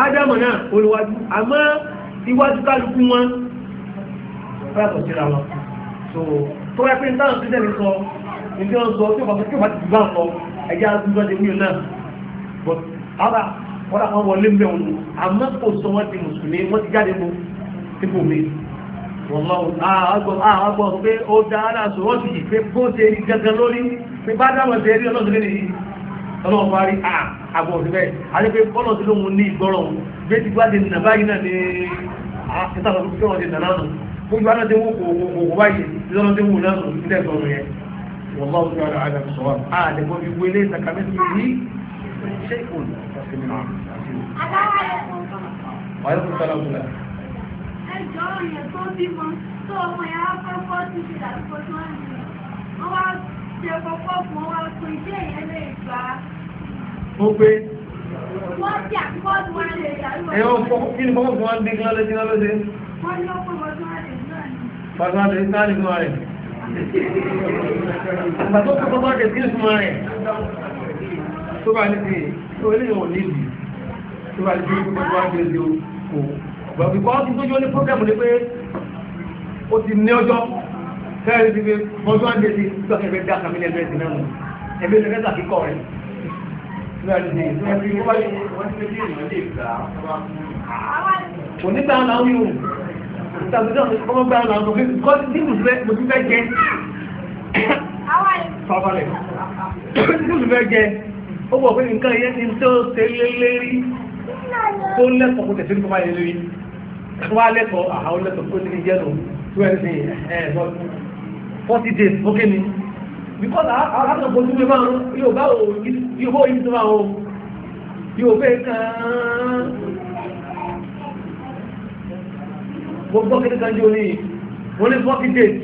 ádámù náà olùwájú àmọ́ iwájú kálukú wọn yàtọ̀ síra wọn so tó wáyé pé táwọn tó jẹ́ni sọ níbi wọn sọ tí ó bá tí ó bá ti bá ń lọ ẹ̀yà àdúgbò ti wúyọ náà but ara wọn làwọn wọlé mẹ́wọn àmọ́ kò sọ wọn ti mùsùlùmí wọ́n ti jáde bó ti Ah, wọ́n àgbọ̀ pé ó dá aláṣọ wọ́n sì pé bó ṣe rí gangan lórí pé bá dáwọ̀ ṣe rí ọlọ́sìn lónìí ọlọ́run bá rí àgbọ̀ síbẹ̀ àti pé ọlọ́sìn ló mú ní ìgbọ́rọ̀ bí ti gbá ti nà báyìí náà ní ìtàkùn tó fi wọ́n ti nà náà nù gbogbo àwọn ọdẹ wò kò kò kò báyìí yìí ṣé ìkòlù àti mìíràn àti ẹjọ́ èèyàn tó bímọ tó ọmọ yẹn á kọ́kọ́ ti ṣe dàrúkọ tó ń rìn wọ́n wá ṣe kọ́kọ́ fún wọn wá pé iṣẹ́ yẹn lè gbà á. ó pé. wọ́n ti àkọ́kọ́ tí wọ́n lè dàrúkọ. ẹ ó fọ kí ni fọwọ́ fún wọn dín kí wọ́n lé kí wọ́n lé dé. wọ́n ní ọkọ̀ wọn tó wà lè náà ni. àti ìta ni fún wa rẹ̀. bàbá tó bá kẹ̀ sí ìsúnmọ́ rẹ̀. tó bá ní sí i tó ilé ìwọ̀n níbi tó bá ní sí i tó bá ní sí bọ̀bí kọ́ ti tójú ní pọ́blẹ́mù ni pé ó ti ní ọjọ́ kẹ́rin ti fi mọ́tò àti èsì tó ẹgbẹ́ dá kàmí ní ẹgbẹ́ ìsìn náà ẹgbẹ́ ìsìn náà kíkọ́ rẹ̀ onígbà ńlá wí o tàbí ọmọ gbà ńlá wí kọ́ sí mùsùlùmẹ́ mùsùlùmẹ́ jẹ fàbàlẹ̀ mùsùlùmẹ́ jẹ ó bọ̀ pé nǹkan yẹn ti tó ṣe lé lérí tó lẹ́kọ̀ọ́ kó tẹ̀sí nípa yẹn lérí wá twenty forty days ó ké mi because àwọn àtọ̀ bójú mi máa ń yóò bá òun yóò bá òun tó máa wọ yóò bẹ́ẹ̀ kàn gbogbo kékeré kan jẹ́ oníyìí wọ́n ní forty days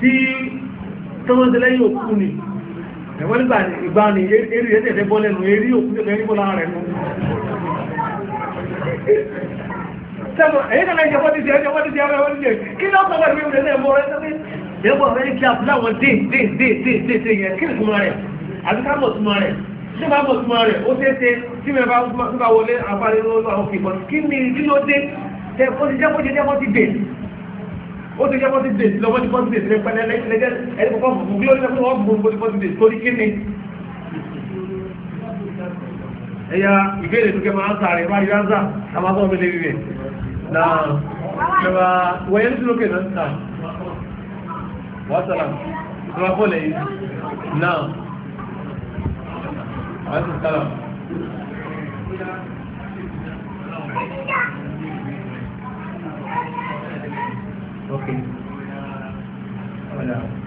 tí tọ́mọ́tẹ́lẹ́ yóò kú ni ẹ̀wọ́n nígbà ìgbà ni eré ẹ̀ẹ́dẹ̀ẹ́dẹ́ bọ́ lẹ́nu eré òkú tẹ̀lẹ́ nígbà lára rẹ̀ sẹ́nu eh, èyí kan náà ìjọba ti ṣe ìjọba ti ṣe ìjọba ti ṣe kí ló sọ wẹ́n mi wúlẹ̀ náà mọ́ rẹ sẹ́nu ìjọba rẹ kí abúlé àwọn dín dín dín dín dín dín ni túmọ̀ rẹ̀ àti ká mọ̀ túmọ̀ rẹ̀ tí bá mọ̀ túmọ̀ rẹ̀ ó ṣeé ṣe tí mi bá ń bá wọlé àbálẹ́ lọ́wọ́ àwọn kìbọn kí ni kí ló dé tẹ ó ti jẹ́ bó ti jẹ́ bó ti dè ó ti jẹ́ bó ni. ẹ̀yà ìbéèrè tó kẹ́ máa ń sàrẹ̀ máa yọ ánsà àmọ́ mi lè rí rẹ̀ na cewa wayan su loke nan ta wasala kuma kone yi na wasu salam Okay. Hola. Oh,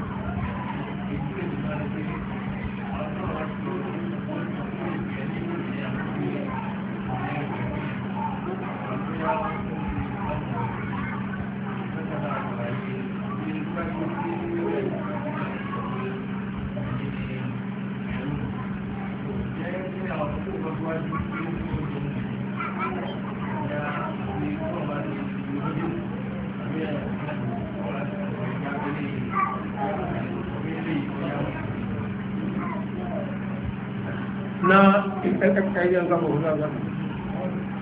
idan kafa hudu a zama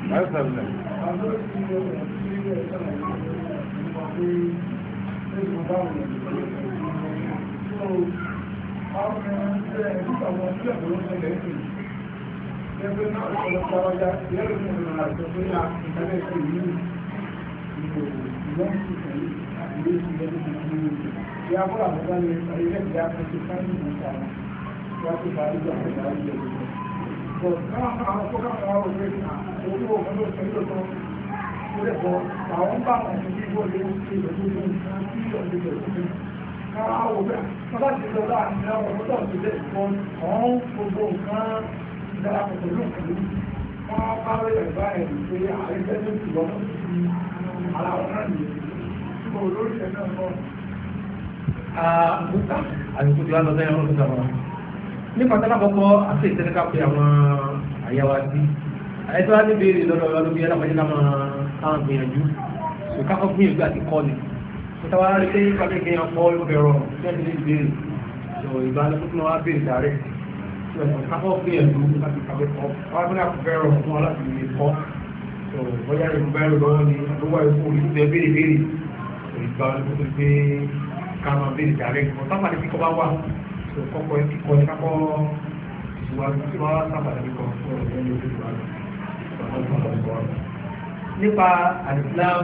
ba su sabu nan Ya por la verdad, el país ya se está en un estado. Ya se está en un estado. Kára wò bẹ́ẹ̀, tọ́lá ti lọ láàrin ìlànà ọ̀pọ̀lọpọ̀ ìdílé ìfọ́n, ọ̀hún gbogbo nǹkan ìdárapọ̀ pẹ̀lú òkèlú. Wọ́n bá rẹ̀ bá ẹ̀rù pé ààrẹ fẹ́ ló ti wọ́n sí ara ọ̀nà nìyẹn. Ṣé olórí ẹ̀ náà kọ́? Àbúkà àti kùtù lálọ́dẹ́ ẹ̀rọ ló sàmọ́ nípa tí alákọ̀ọ́kọ́ àti ìtẹ́lẹ́ká pé àwọn àyàwó àti ẹ̀tọ́ láti béèrè lọ́dọ̀ ọlọ́dún bí ẹlọ́pàá náà máa ń gbìyànjú ìkákọ́ gbìyànjú àti kọ́ ni ìtawà rí pé ìpàdé kí wọ́n kọ́ ìbẹ̀rọ̀ tẹ́lẹ̀ lè béèrè ìbálòpọ̀ tí wọ́n wá béèrè dàrẹ́ ìkákọ́ gbìyànjú láti kàwé kọ́ wọ́n fún àkùbẹ̀rọ̀ fún wọn láti lè kọ́ bóyá ìbẹ̀rù lọ́wọ́ ni àdúgbò ìfún orí tẹ béèrè béèrè ìbálòpọ̀ tó gbé ká máa tó kọ́kọ́ ẹ kíkọ́ ẹ kápọ́ ìwà tí wọ́n sábàdà kíkọ́ fún ọ̀rọ̀ ẹni ojú ìwà nípa àìsílám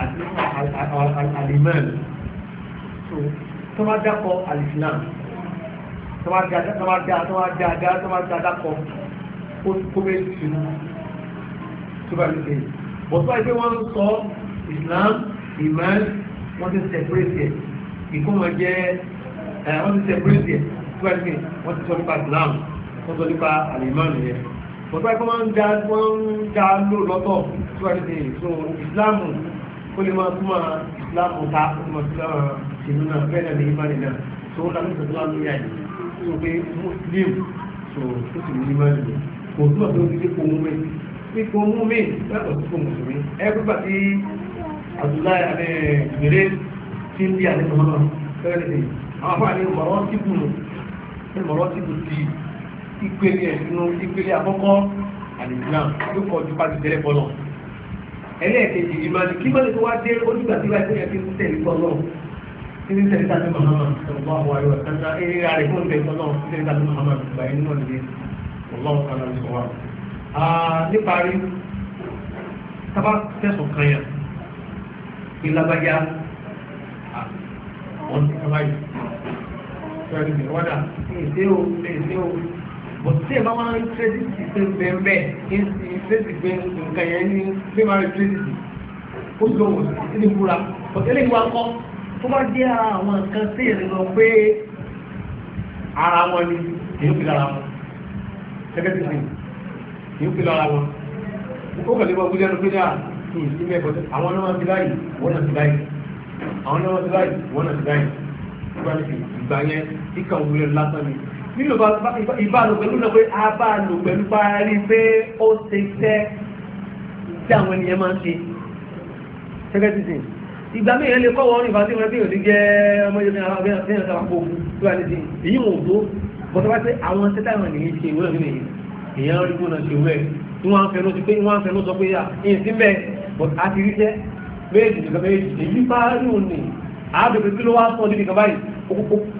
àti àlìmẹ́ẹ̀lì tó bá dákọ̀ àìsílám tó bá dá tó bá dá tó bá dá dá tó bá dá dákọ̀ ó kó méjì sínú tó bá lè ṣe bọ̀tọ́ àìsí wọ́n ń sọ ìsìlám ìmẹ́ẹ̀lì wọ́n ti sẹ̀pẹ́rẹ́sì ẹ̀ ìkó wọn jẹ́ ẹ̀ wọ́n ti ṣe bírísì ẹ̀ tí wọ́n ti wọ́n ti sọ nípa Islam wọ́n sọ nípa alimami yẹn bọ́tọ́ ẹ̀kọ́ máa ń da wọ́n ń da ló lọ́tọ̀ tí wọ́n ti so Islam kó lè máa túmọ̀ Islam ta kó lè máa túmọ̀ tìlú náà bẹ́ẹ̀ náà ní ìmánì náà tó wọ́n kàmí sọ̀tún láti yà yìí tó pé Muslim so tó sì ní ìmánì yìí kò túmọ̀ tó ti dé kó mú mi ipò mú mi lọ́tọ̀ tó kó mùsùlùmí ẹ gbígbà tí Abdullahi eh, ti ń bí àlẹ́ sọ̀rọ̀ náà fẹ́rẹ́ àwọn afáàní mọ̀rọ́ ti bù nù ní mọ̀rọ́ ti bù ti ìpele ẹ̀sìn ìpele àkọ́kọ́ àlìsílám yóò kọjú pàṣẹ tẹ́lẹ̀ bọ́ náà ẹlẹ́ẹ̀kejì ìmọ̀ ni kí mọ́lẹ̀ tó wá dé onígbà tí wáyé ẹ̀kí ń tẹ̀lé bọ́ náà kí ní tẹ̀lé tàbí Muhammad sọ̀rọ̀ àwọn àríwá tẹ́lá eré rẹ̀ fún ìbẹ̀ sọ́nà kí tẹ̀lé tàbí Muhammad gbà inú náà nìyẹn ọlọ́run kan náà ní sọ̀wá. níparí tábà tẹ̀sán kan yà ìlàbàjá wọ́n ti kaba yìí sọ́ọ́dì mi wọ́dà èsè o èsè o bọ̀tí ẹ̀ bá wọn ń tẹ́sí ti pé bẹ́ẹ̀ ń ti tẹ́sí pé nǹkan yẹn ní pé máa ń tẹ́sí ti ó lò wò sí ní búra bọ̀tí ẹ̀ lè wá kọ́ tó bá jẹ́ ara àwọn nǹkan sí ìrìnà pé ara wọn ni èyí fi lára wọn gẹ́gẹ́ bí mi èyí fi lára wọn àwọn náà ti láì wọ́n náà ti láì ìgbà yẹn kíkà òwúrẹ́ lásán ni nílò ìbálò pẹ̀lú náà pé a bá lò pẹ̀lú parí pé ó ṣe tẹ́ tí àwọn ènìyàn máa ń ṣe gẹ́gẹ́ ti sìn ìgbà mí yẹn lè kọ́wọ́ ní ìfàsí wọn tí yóò ti jẹ́ ọmọ yóò fi hàn àwọn ọmọ yóò sábà kó fún tí wọ́n ti sìn èyí wọn ò tó bọ́tọ́ bá pé àwọn tẹ́tà ìwọ̀n nìyí ṣe ìwé ìrìn èèyàn rí gbọ́n náà ṣe wẹ̀ tí wọ́n á fẹnu sọ pé ìyà ìyìn sí mẹ́ méjì nìkan méjì èyí bá rí òun ni àádọ́gbé kí ló wá sọ ní nìkan báyìí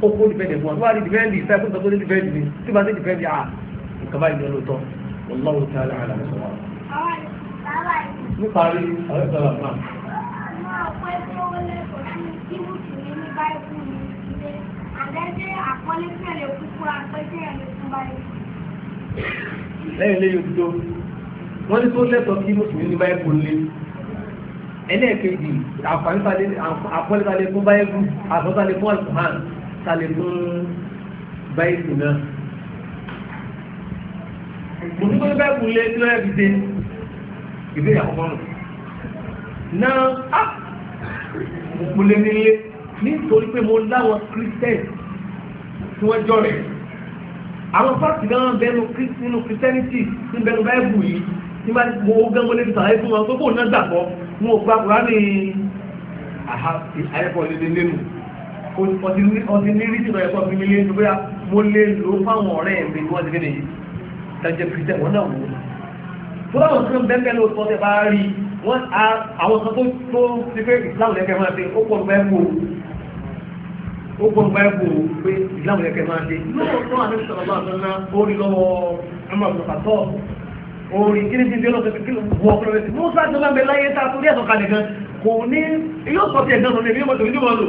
ó kó dìfẹ́ǹdì fún wa tó bá rí dìfẹ́ǹdì ìfẹ́ kó sọ pé dìfẹ́ǹdì ni tí bá sí dìfẹ́ǹdì à nìkan báyìí ló lóòótọ́ Wallahu ta'ala a'lam níparí ọ̀rẹ́ sọ̀rọ̀ náà. lẹ́yìn lẹ́yìn òdodo wọ́n ní tó lẹ́tọ̀ọ́ kí mùsùlùmí ní báyìí kò ẹlẹ́ẹ̀kejì àpọ́lẹ́tàlẹ́ fún báyẹ̀kù àtọ́tàlẹ́ fún àtùmán tàlẹ́ fún báyẹ̀kù náà. mo ní kọ́lé báyẹ̀kù lé tí lọ́yẹ̀ fi dé ìbéèrè àkọ́kọ́ nù. náà á mo kúlé nílé nítorí pé mo láwọn christian tí wọ́n jọ rẹ̀ àwọn fásitì gan bẹnu nínú christianity ní bẹnu báyẹ̀kù yìí nígbà tí mo gán mo lè sàlàyé fún wọn pé kò ná gbàgbọ́ wọn ò gba kùránì àyẹ̀kọ́ lédè lẹ́nu ọtí ní rí tìrọ ẹ̀kọ́ fi nílé nígbà mo lè lò fáwọn ọ̀rẹ́ mi wọ́n ti kéde yìí tẹ́jẹ́ kìrìtẹ́ wọn náà wò ó tó láwọn kan bẹ́ẹ̀ ló tọ́ tẹ bá rí wọ́n àwọn kan tó tó ti pé ìsìláàmù lẹ́kẹ̀ẹ́ máa ṣe ó pọ̀ nípa ẹ̀kọ́ ó pọ̀ nípa ẹ̀kọ́ pé ìsìláàmù lẹ́kẹ̀ẹ́ máa ṣe lóòótọ́ àti sọ̀rọ̀ bá orin kí ni ti di ọlọ́sẹ̀ kí ló wọ ọkùnrin rẹ̀ sí musa tó bá ń bẹ láyé tá a torí ẹ̀sọ́ kalẹ̀ gan kò ní yóò sọ tiẹ̀ gan lónìí èmi yóò mọ̀ tó ní mọ̀ lò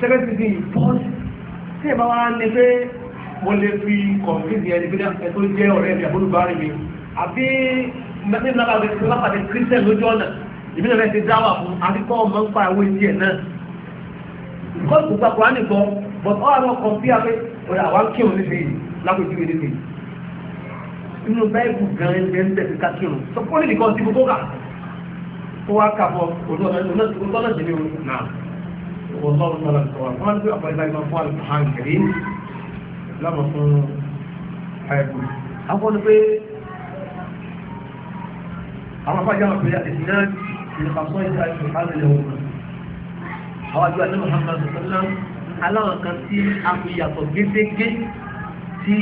sẹ́kẹ́ ti di bọ́ọ̀sì tí ẹ bá wá ní pé mo lè fi kọ̀ǹfìsì ẹni pé ẹ tó jẹ́ ọ̀rẹ́ mi àbólúbárì mi àbí mẹ́tẹ́ náà láti fi lápàdé kírísítẹ́n lójú ọ̀nà ìbílẹ̀ rẹ̀ ti dáwà fún akíkọ́ i àwọn kí òun níbi lápèjúwe níbi inú báyìí gan ẹgbẹ́ ń tẹ̀sí kákìrù sọ fún ìdíkọ́ sí gbogbo kà tó wá kà fọ òtọ́lá jẹ́mi òun náà والله تعالى الصواب وانا بدي اقرا زي ما قال القران الكريم لما صار حيكون اقول في أنا فاجأ في الإسناد من خصائص أهل الحال اليوم هو أن محمد صلى الله عليه وسلم على كثير أقوياء تجسد في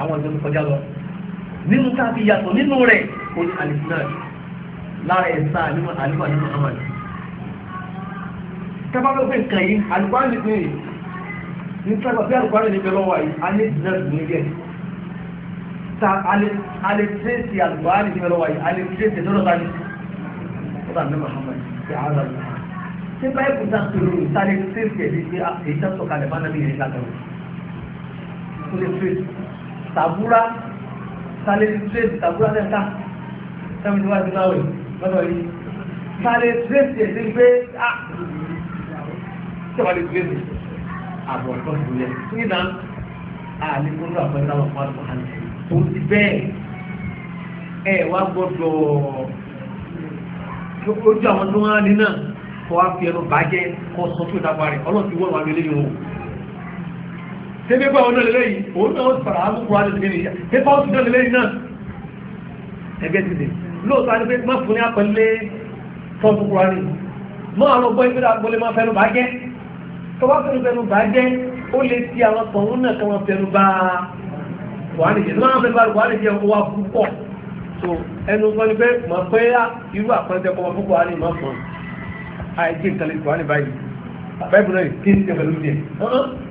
àwọn ìjọba kọjá lọ nínú tá a fi yàtọ̀ nínú rẹ̀ kò ní alifinad lára ẹ̀sà àlùmọ̀ àlùmọ̀ àlùmọ̀ ahmad tábàbọ̀ pé nǹkan yìí alùpàá ní pé ní sábà bí alùpàá ní bẹ̀rẹ̀ wà yìí alẹ́ ìdílé nílẹ̀ ta alẹ́ tírèsì alùpàá ní bẹ̀rẹ̀ wà yìí alẹ́ tírèsì lọ́dọ̀ ta ni ó dà ní muhammad ṣe àárọ̀ ní ṣe báyìí kò sáà pẹ̀lú ìsáré tírèsì ẹ̀ ní pé ah, èyí tá sọ̀kalẹ̀ tàbúrà sálẹ̀ tírèsì tàbúrà lẹ́ta sẹ́mi tí wọ́n ti náà wẹ̀ lọ́dọ̀ yìí sálẹ̀ tírèsì ẹ̀ sí pé á sẹ́wọ́n lè tírèsì àbọ̀ ọ̀tọ̀ tó yẹ fún ìdá àlékún náà pẹ̀lú àwọn ọmọ àdúgbò hàn tó ti bẹ́ẹ̀ ẹ wá gbọ́dọ̀ ojú àwọn tó ń rán ni náà kọ́ wá fi ẹnu bàjẹ́ kọ́ sọ tó ìdábàárẹ̀ ọlọ́run wọ́n wà lórí o ṣé pépà ọ̀nà lélẹ́yìí òun náà ó sàrà àbúkù àti ìgbìmọ̀ ìyá pépà ọ̀sùn náà lélẹ́yìí náà ẹgbẹ́ ti dè lóòótọ́ adé pé má fún ní àpẹẹlẹ tọ́jú kúránì mọ́ àwọn ọgbọ́n ìgbéra agbolé máa fẹnu bá jẹ́ tó bá fẹnu fẹnu bá jẹ́ ó lè ti àwọn tọ̀hún náà kí wọ́n fẹnu bá kúránì jẹ́ tó máa fẹnu bá kúránì jẹ́ owó púpọ̀ tó ẹnu wọn ni pé mọ̀ pé irú àpẹẹrẹ kọ́ kí n ti pẹ̀lú díẹ̀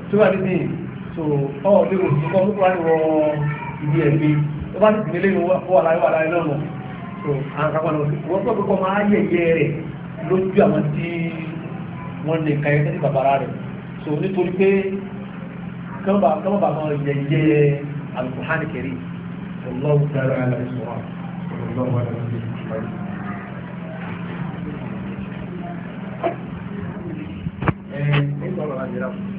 tó bá ní so ọ̀ lè wò sí kọ́ mú kúránì wọ ibi ẹ̀mí tó bá ti tìlé lẹ́nu wà láyé wà láyé náà nù so àwọn kan wọ́n sọ pé kọ́ máa yẹ̀yẹ́ rẹ̀ lójú àwọn tí wọ́n lè ka ẹ̀kẹ́ sí bàbára rẹ̀ so nítorí pé kọ́mọ̀bà kọ́mọ̀bà kan yẹ̀yẹ́ alùpùpù kẹrì ọlọ́wọ́ dára ẹ̀ sọ̀rọ̀ ọlọ́wọ́ dára ẹ̀ sọ̀rọ̀ Eh, eso lo van a llevar.